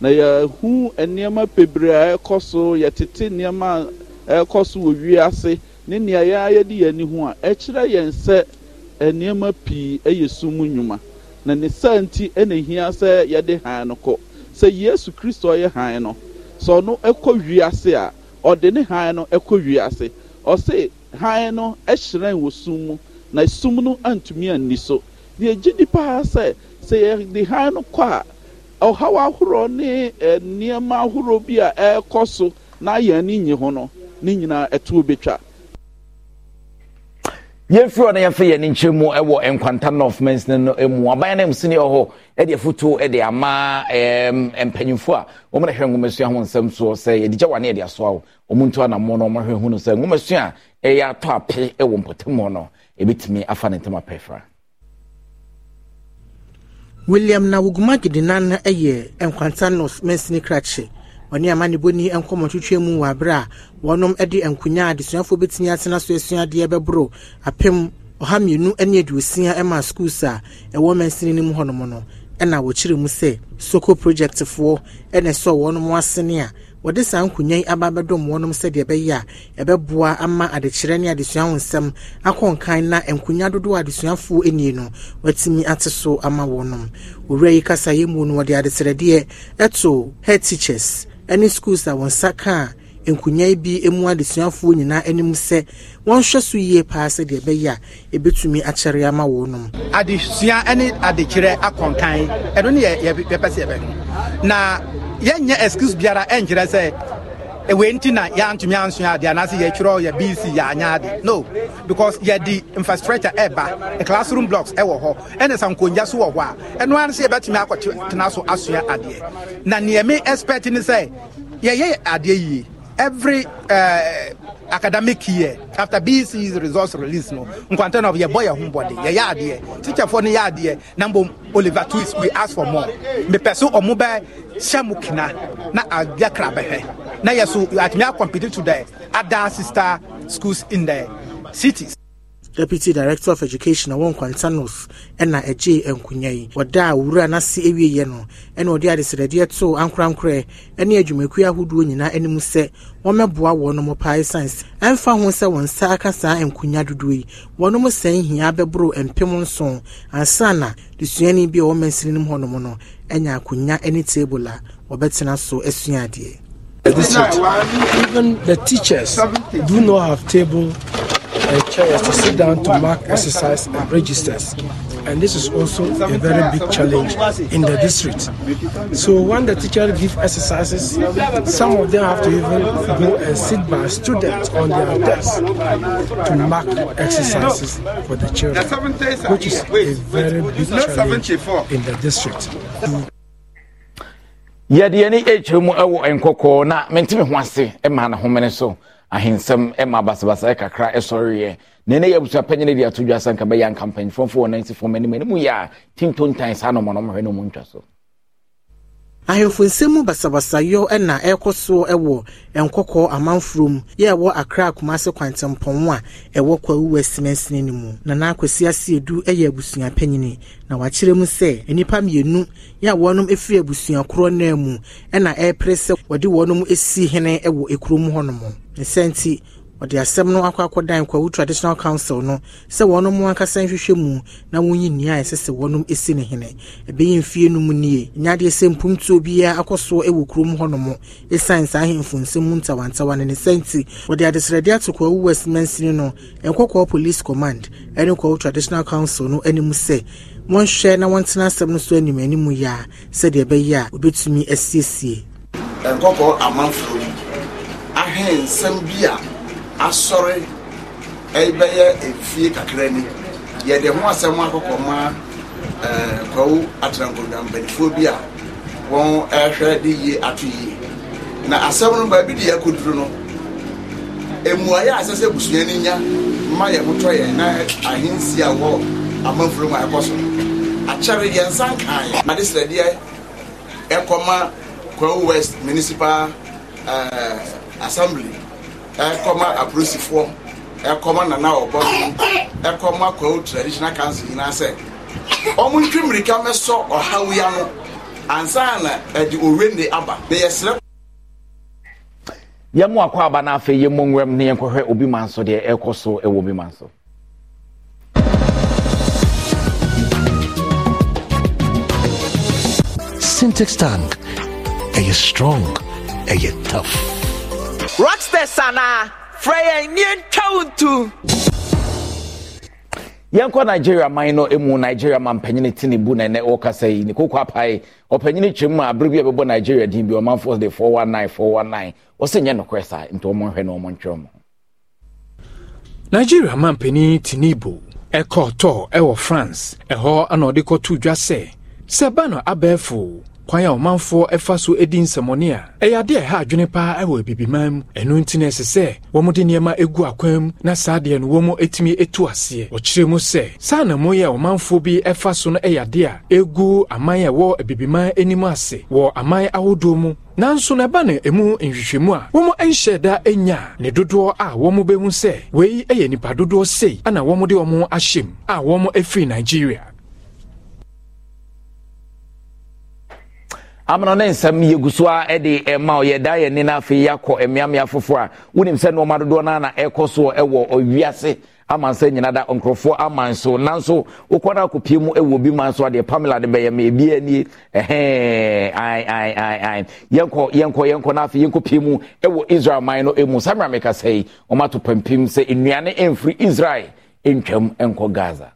Speaker 16: na yɛhu nneɛma bebree a ɛkɔ so yɛtete nneɛma a ɛkɔ so wɔ wiase ne nea yɛayɛ de yɛn ani ho a ɛkyerɛ yɛn sɛ nneɛma pii ɛyɛ sum nnwuma na ne saa nti ɛna ehia sɛ yɛde hann no kɔ sɛ yesu kristo ɔyɛ hann no sɛ ɔno ɛkɔ wiase a ɔde ne hann no ɛkɔ wiase ɔse hann no ɛhyerɛn wɔ sum mu na sum no antumi anni so deɛ gye di paa sɛ sɛ yɛde hann no kɔ a ɔhaw ahorow ne eh, nneɛma ahorow bi a ɛrekɔ so na ayɛn ani nyi ho no ne nyinaa ɛto betwa nye ɔ na
Speaker 1: yɛmfa yɛne nkyerɛ mu wɔ nkwanta north mansn no mu aban no msini wɔ hɔ de ama mpanyimfo a wɔmna hwɛ nwomasua ho nsɛm soɔ sɛ yɛde gya wane yɛde asoa wo ɔmu nto anammɔ no ɔmahwɛ hu no sɛ a ɛyɛ atɔ ape wɔ mpɔtamu no afa ne
Speaker 12: william na yɛ nkwanta north krakye ɔne amanebɔni nkɔmmɔ twitwa mu wɔ aberɛ a wɔnom de nkonya a adesuafoɔ bɛtumi atena so asuadeɛ bɛboro apem ɔha mmienu ne aduosia ma schools a ɛwɔ mansini no mu hɔnom no ɛna wɔkyerɛ mu sɛ soko projectfoɔ ɛna ɛsɛ wɔnom asene a wɔde saa nkonnwa yi aba abɛdɔm wɔnom sɛdeɛ ɛbɛyɛ a ɛbɛboa ama adekyerɛ ne adesua ho nsɛm akɔ nkan na nkonnwa dodoɔ adesuafoɔ ani no watumi ate so ama wɔnom owura yi kasa yɛ mu no wɔde adesrɛdeɛ ɛto head teachers ne schools a wɔn nsa ka a nkonnwa bi mu adesuafoɔ nyinaa anim sɛ wɔnhwɛ so yie paa sɛ deɛ ɛbɛyɛ a ɛbɛtumi akyɛre ama wɔn nom. adesua ne adekyerɛ akɔnkan ɛno ne yɛ yɛpɛ sɛ yɛbɛn na
Speaker 14: yɛnyɛ excuse biara ɛnkyerɛ sɛ ɛwɛ nti na yɛantumi ansoa adeɛ anaasɛ yɛtwerɛ yɛ bc yɛanya ade no because yɛde infrastructure ɛba e e classroom blocks ɛwɔ e hɔ ɛne sankongya so wɔ hɔ a ɛno ara sɛ yɛbɛtumi akɔtena so asoa adeɛ na neɛ me expect ne sɛ yɛyɛ adeɛ yie every uh, academic year after BC's results release no nkwanta na yɛbɔ yɛn ho bɔde yɛyɛ adeɛ tikyafoɔ no yɛ adeɛ na mbom oliver twist we ask for more mepɛ so ɔmo bɛ hyɛ mo kena na adeɛ kra bɛhwɛ na yɛ so atumi akɔmpete to the other
Speaker 12: sister schools in the cities deputy director of education a wɔn ɛna ɛgye nkunya yi wɔda a wura n'ase ewie yɛ no ɛna ɔde adesrɛdeɛ to ankorankorɛ ɛne adwumakuo ahodoɔ nyinaa anim sɛ wɔmɛboa wɔn pae science ɛmfa ho sɛ wɔn nsa aka saa nkunya dodoɔ yi wɔn sɛn hia bɛboro mpem nson ansa na desuani bi a wɔn mɛnsiri nim hɔnom no ɛnya akonya ne table a wɔbɛtena so asua adeɛ. even the teachers do not have table to sit down to mark exercise and registers.
Speaker 14: And this is also a very big challenge in the district. So when the teacher give exercises, some of them have to even go and sit by students on
Speaker 5: their
Speaker 6: desks to mark exercises
Speaker 14: for the
Speaker 13: children,
Speaker 6: which is a
Speaker 5: very big challenge in the district.
Speaker 1: mu ɛwɔ nkɔkɔɔ na mentimi ho ase ne homene so ahensɛm ɛma basabasa kakra ɛsɔreɛ na ɛnɛ yɛ abusua pɛnyɛ no de ato dwa sɛ nka bɛyɛ anka mpanyinfoɔ fo wɔ nansi
Speaker 12: fam anim anim yɛ a tintontan saa nɔmɔnɔmɔhwɛ no mu ntwa so ahemfo nsɛm basabasayɔ na ɛrekɔ so wɔ nkɔkɔɔ amanforom yɛ ɛwɔ akra kumase kwantempɔn a ɛwɔ kwawu wɛsinɛsini no mu Na nana akwasi edu yɛ abusua panyini na wakyerɛ mu sɛ nnipa mmienu yɛ a wɔnom firi abusua korɔ no mu na ɛrepere sɛ wɔde wɔnom si hene wɔ kurom hɔnom ne sɛ ɔde asɛm no akɔ akɔdan kwawu traditional council no sɛ wɔn mu ankasa nhwehwɛ mu na wɔnyi nnua a ɛsɛ sɛ wɔn si ne hene ɛbɛyɛ mfie no mu nie nyadeɛ sɛ mpuntuo biara akɔ so wɔ kurom hɔnom ɛsiane saa ahemfo nsɛm mu ntawantawa ne ne sɛ nti wɔde adesrɛde ato kwawu west mansini no nkɔkɔɔ police command ɛne kwawu traditional council no anim sɛ wɔnhwɛ na wɔntena asɛm no so anim anim yɛ a sɛdeɛ ɛbɛyɛ a wɔbɛtumi asiesie
Speaker 7: nkɔkɔɔ amanfoɔ ahwɛ nsɛm bi a asɔre ɛbɛyɛ efie kakra ni yɛde ho asɛm akɔkɔ ma ɛɛ kwawu atenankonda mpanimfoɔ bi a wɔn ɛhwɛ de yie ato yie na asɛm no baabi de yɛ akɔduru no emuayɛ asɛ sɛ busua ni nya mma yɛn ho tɔ yɛn na ahensi a wɔ amanforo mu a ɛkɔ so akyɛre yɛn nsa nkaa yɛ ade sradeɛ ɛkɔma kwawu west municipal ɛɛ assembly. ɛkɔma apolisifoɔ ɛkɔma nana ɔbɔ ɛkɔma kwawu traditional council nyinaa sɛ ɔmo ntwi mmirika mɛsɔ ɔhaw ya no ansa na ɛde owie
Speaker 1: ne aba na yɛsrɛ akɔ aba na afei yɛn mu nwura mu ne obi ma nso deɛ ɛkɔ so obi ma nso.
Speaker 11: tank,
Speaker 14: strong,
Speaker 1: rockstars anaa frɛ yɛn nie nigeria man no mu nigeria ma mpanyini tinubu na ɛnɛ ɔkasa yi ne koko apae ɔpanyini twam a abere bi a bɛbɔ nigeria din bi ɔmanfoɔ de 419 419 wɔsɛ nyɛ nokorɛ saa nti ɔmɔnhwɛ na ɔmɔntwerɛ mo
Speaker 5: nigeria ma mpanin tinubu ɛkɔɔtɔɔ ɛwɔ france ɛhɔ ana ɔde kɔto dwa sɛ sɛ ba no abɛɛfo kwan a ɔmanfoɔ ɛfa so di nsɛmmɔne a ɛyɛ ade a ɛha adwene paa ɛwɔ abibiman mu ɛno nti na ɛsɛ sɛ wɔmde nneɛma egu akwan mu na saa adeɛ no wɔm atumi ɛtu aseɛ ɔkyerɛ mu sɛ saa na moyɛ a ɔmanfoɔ bi ɛfa so no ɛyɛ ade a ɛgu aman a ɛwɔ abibiman anim ase wɔ aman ahodoɔ mu nanso na ɛba ne emu nhwehwɛmu a wɔn nhyɛ da anya ne dodoɔ a wɔn bɛhu sɛ wei yɛ nipa dodoɔ sei ana wɔn de wɔn ahyɛm a wɔn afiri nigeria
Speaker 1: amena ne nsɛm yɛgu so a ɛde ɛma yɛda yɛ ne no afei yɛakɔ mmeammea foforɔ a wonim sɛ nnoɔma dodoɔ no ana ɛkɔ soɔ ɛwɔ ɔwiase ama nsa nyina da nkurɔfoɔ ama nso nanso wokɔ no akɔpie mu ɛwɔ bi ma nso adeɛ pamela de bɛyɛ ma ebia nie ɛhɛn yɛnkɔ yɛnkɔ yɛnkɔ no afei yɛnkɔpie mu ɛwɔ israel man no ɛmu samra meka sɛ yi ɔmato pampim sɛ nnuane ɛmfiri israel ntwam nkɔ gaza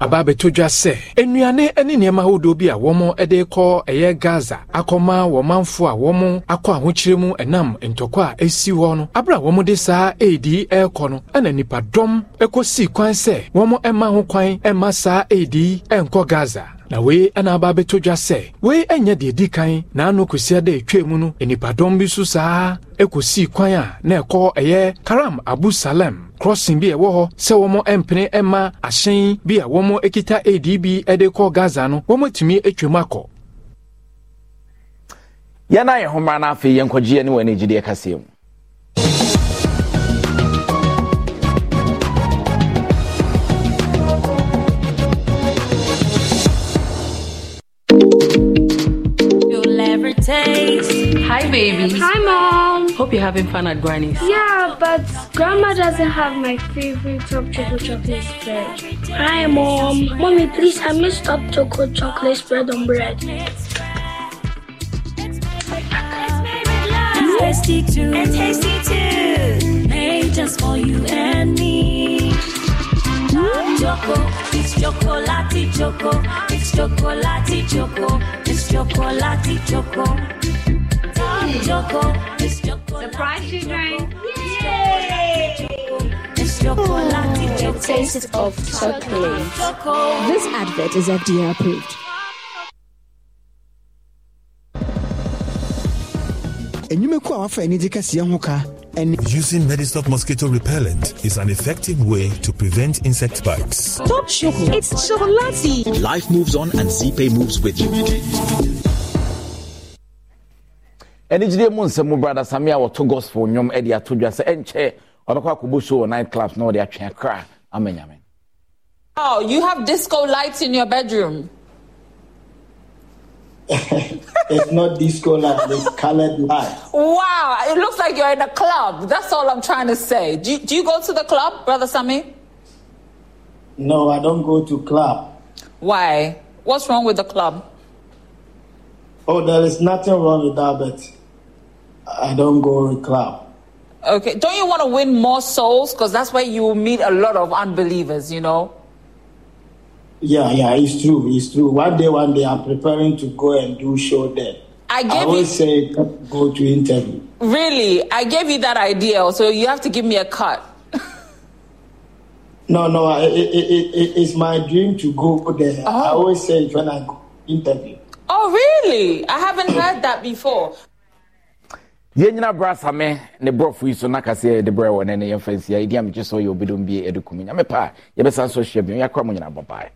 Speaker 5: aba abɛto dwa sɛ nnuane ne nneɛma ahodoɔ bi a wɔn de kɔ ɛyɛ gaza akɔma wɔn manfo a wɔn akɔ ahokyere mu ɛnam ntɔkwa a esi hɔ no abere a wɔn de saa eedi ɛrekɔ no ɛna nipadɔm kɔsii kwan sɛ wɔn mma ho kwan mma saa eedi nkɔ gaza na wei ɛna aba abɛto dwa sɛ wei ɛnyɛ deɛ di kan na ano kɔsia dɛ etwa mu no enipadɔm bi so saa ekosii kwan a na ɛkɔ ɛyɛ karam abu salem krɔsin bi ɛwɔ hɔ sɛ wɔn mpene ɛma ahyɛn bi a wɔn
Speaker 1: kita ekita adb ɛde kɔ gaza no wɔn atumi atwa akɔ. yɛn ayɛ ho mmaa no afei yɛnkɔgyeɛ ne wɔ no agyideɛ kaseɛ mu
Speaker 4: Hi, babies. Hi, Mom. Hope you're having fun at Granny's.
Speaker 15: Yeah, but
Speaker 4: Grandma doesn't have my favorite top chocolate chocolate spread. Hi, Mom. Mommy, please, have me top chocolate chocolate spread on bread.
Speaker 15: Tasty
Speaker 4: too. And tasty too.
Speaker 15: Made just for you and me. Choco, it's chocolate choco. It's chocolate choco. It's chocolate choco. This
Speaker 4: advert
Speaker 12: is FDA approved. Using Medistop
Speaker 14: mosquito repellent is an effective way to prevent insect bites.
Speaker 15: Stop sugar. It's chocolatey.
Speaker 1: Life moves on and ZPay moves with
Speaker 15: you
Speaker 1: ɛne gyidie mu nsɛm mu brada same a wɔto gospel nnwom de ato dwa sɛ ɛnkyɛ ɔbɛkɔ akɔbɔ show wɔ night clubs na ɔde atwe kra ama nyame
Speaker 15: Oh, you have disco lights in your bedroom.
Speaker 13: it's not disco lights; it's colored lights.
Speaker 15: Wow, it looks like you're in a club. That's all I'm trying to say. Do you, do you go to the club, Brother Sammy?
Speaker 13: No, I don't go to
Speaker 15: club. Why? What's wrong with the club?
Speaker 13: Oh, there is nothing wrong with that, but I don't go to club.
Speaker 15: Okay. Don't you want to win more souls? Because that's where you meet a lot of unbelievers, you know?
Speaker 13: Yeah, yeah, it's true. It's true. One day, one day, I'm preparing to go and do show there.
Speaker 15: I, I always
Speaker 13: you... say go to interview.
Speaker 15: Really? I gave you that idea, so you have to give me a cut.
Speaker 13: no, no, it, it, it, it's my dream to go there. Oh. I always say it when I go interview.
Speaker 15: Oh, really? I haven't heard that before.
Speaker 1: yɛnyina ne borɔfo yi so na kaseɛ brɛ wɔ ne yɛmfa nsia ɛdi a megye sɛ ɔyɛ nyame paa yɛbɛsa bio yɛakora mo nyina bɔbae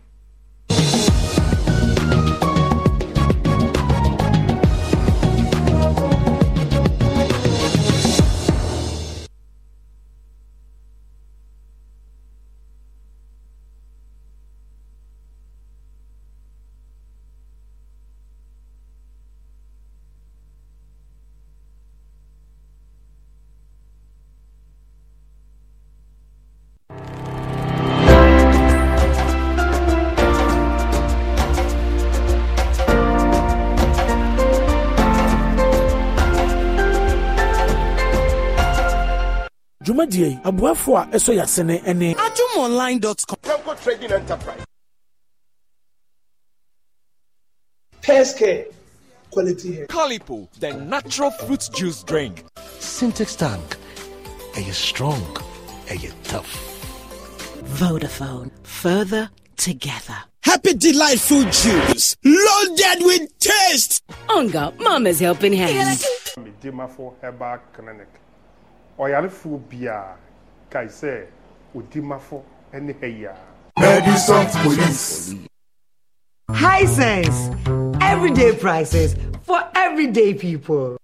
Speaker 14: deɛ aboafo a ɛsɔ yɛase ne ne adwomonline.com trading enterprise Pescare quality hair.
Speaker 5: Calipo, the natural fruit juice drink. Syntex tank. Are you strong?
Speaker 15: Are you tough? Vodafone. Further together. Happy Delightful Juice. Loaded with taste. Onga, Mama's Helping Hands.
Speaker 17: Medimafo ɔyarefoɔ biara kae sɛ odimafo ne hɛyia
Speaker 15: High sense, everyday prices for everyday people.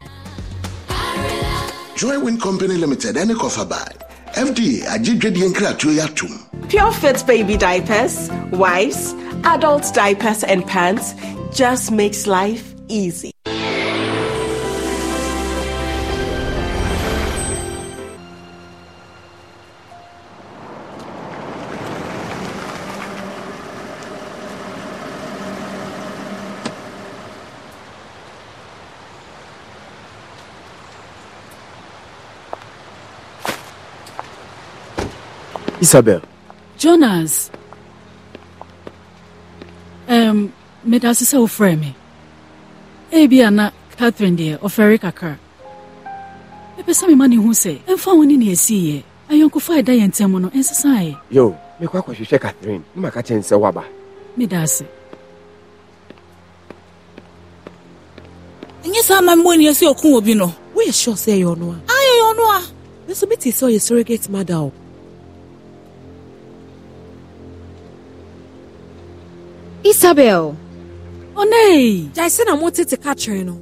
Speaker 15: Joy Win Company
Speaker 13: Limited, any cover by FDA, Ajidredi Nkratu
Speaker 4: Pure Fit Baby Diapers, Wipes, Adult Diapers and Pants just makes life easy.
Speaker 5: Isabel.
Speaker 15: Jonas. Um, medase sɛ wofrɛ me ebia ana catherine deɛ ɔfɛre kakra mepɛ pesa mema mani hu sɛ ɛmfa wo ne ne ɛsiiɛ ayɔnkofa a ɛda yɛn ntam no ɛnsesaeɛ
Speaker 3: yo mekɔ akɔhwehwɛ catherine ne maka kyɛn sɛ woaba
Speaker 15: medase
Speaker 4: ɛnyɛ saa ma mmɔ nia sɛ ɔku no We sure say ɛyɛ ɔno a ayɛ yɛ a me so mete sɛ ɔyɛ surrogate mother isabel ɔnei gyae sɛ na motete ka kyerɛ no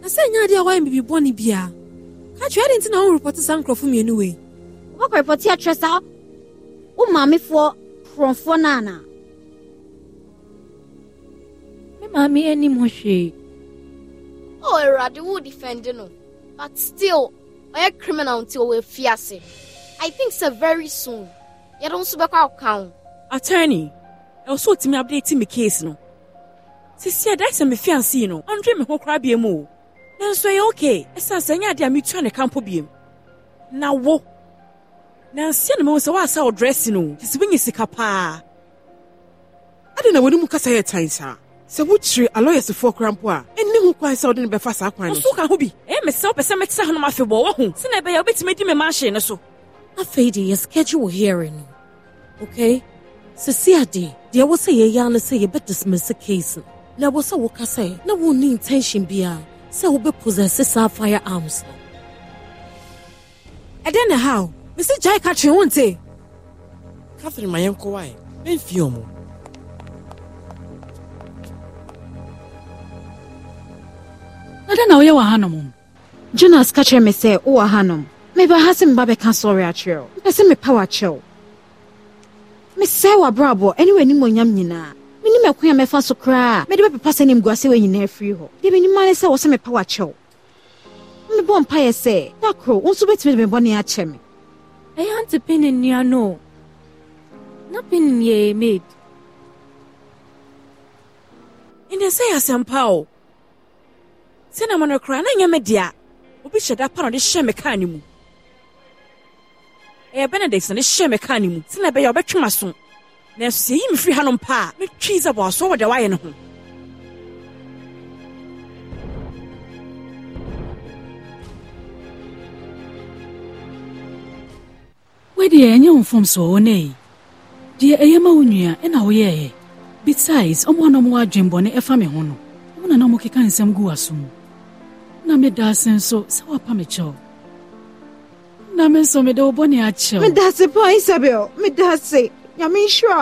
Speaker 4: na sɛ ɛnya adeɛ a woayɛ bibi bɔne bia ka kyerɛ ade nti na worepɔte saa nkurɔfo mmienu wei
Speaker 15: woakɔrepɔte akyerɛ saa wo maamefoɔ korɔmfoɔ no ana me maame anim hɔ hwee
Speaker 4: oh awurade wo defende no but still ɔyɛ criminal nti ɔwɔ afiase i think sɛ very soon yɛde nso bɛkɔ awoka wo attorney ɛwɔ so otumi update mi case no sisi ɛda sɛ mi fiance yi no ɔndwe mi ho koraa bie mu o nanso ɛyɛ okay ɛsan sɛ ɛnyɛ adeɛ a mi tua ne kampo bie mu na wo
Speaker 15: nansi na mɛwɔ sɛ waasa wɔ dressing no sisi winyɛ sika paa adi na wɔn mu kasa yɛ tan saa sɛ wokyiri alɔyɛsifoɔ koraa mpo a ɛnni ho kwan sɛ wode no bɛfa saa kwan no so
Speaker 4: ka ho bi ɛyɛ mesɛ wopɛ sɛ mɛte sɛ honom afebɔɔ waho sɛna ɛbɛyɛ wobɛtumi adi me ma ahye no so afei de yɛskɛgye wo hearing no okay sisi ade deɛ ɛwɔ sɛ yɛyɛ no sɛ yɛbɛdismisse case no na ɛwɔ sɛ woka sɛ na wonni intention biara sɛ wobɛposɛse saa fire arms no ɛdɛn na haw mesi gyae ka kyerɛ wo nte
Speaker 12: catherine ma yɛnkɔwae mɛmfie ɔmo
Speaker 4: ɛdɛn na woyɛ wɔ hanom jonas ka kyerɛ me sɛ wowɔ hanom meba ha sɛ meba bɛka sɔre akyerɛ wo mpɛ sɛ mepa wo akyerɛ wo mesɛe w'abrabɔ ɛne nyam nyinaa menim ɛkwan a mɛfa so koraa mede bɛpepa sɛ nim guasɛ wɔ nyinaa afiri hɔ deɛ menima ne sɛ wɔ sɛ mepa w'akyɛw mebɔ mpayɛ sɛ da koro wo nso bɛtumi de me bɔne akyɛ me ɛyɛ ante pene nnua no na pene yɛ maid ɛnɛ sɛ yɛ asɛmpa o sɛna ma no koraa na nyɛ me dea obi hyɛ da pa na ɔde hyɛ me kaa ne mu ɛyɛ benedict na ne hyɛ ne mu sɛna ɛbɛyɛ ɔbɛtwe ma so nanso sɛ hanom pa a metwii sɛ boasoɔ wɔ deɛ woayɛ no ho
Speaker 15: wodeɛ ɛnyɛ wo deɛ ɛyɛ ma wo ɛna woyɛɛ besides na ɔmo adwenbɔne ɛfa me ho no ɔmo na na ɔmo nsɛm gu w'aso mu na medaase nso sɛ woapa me na me nso mede wo bɔne akyɛw meda se
Speaker 4: pa isabel meda nyame nhyira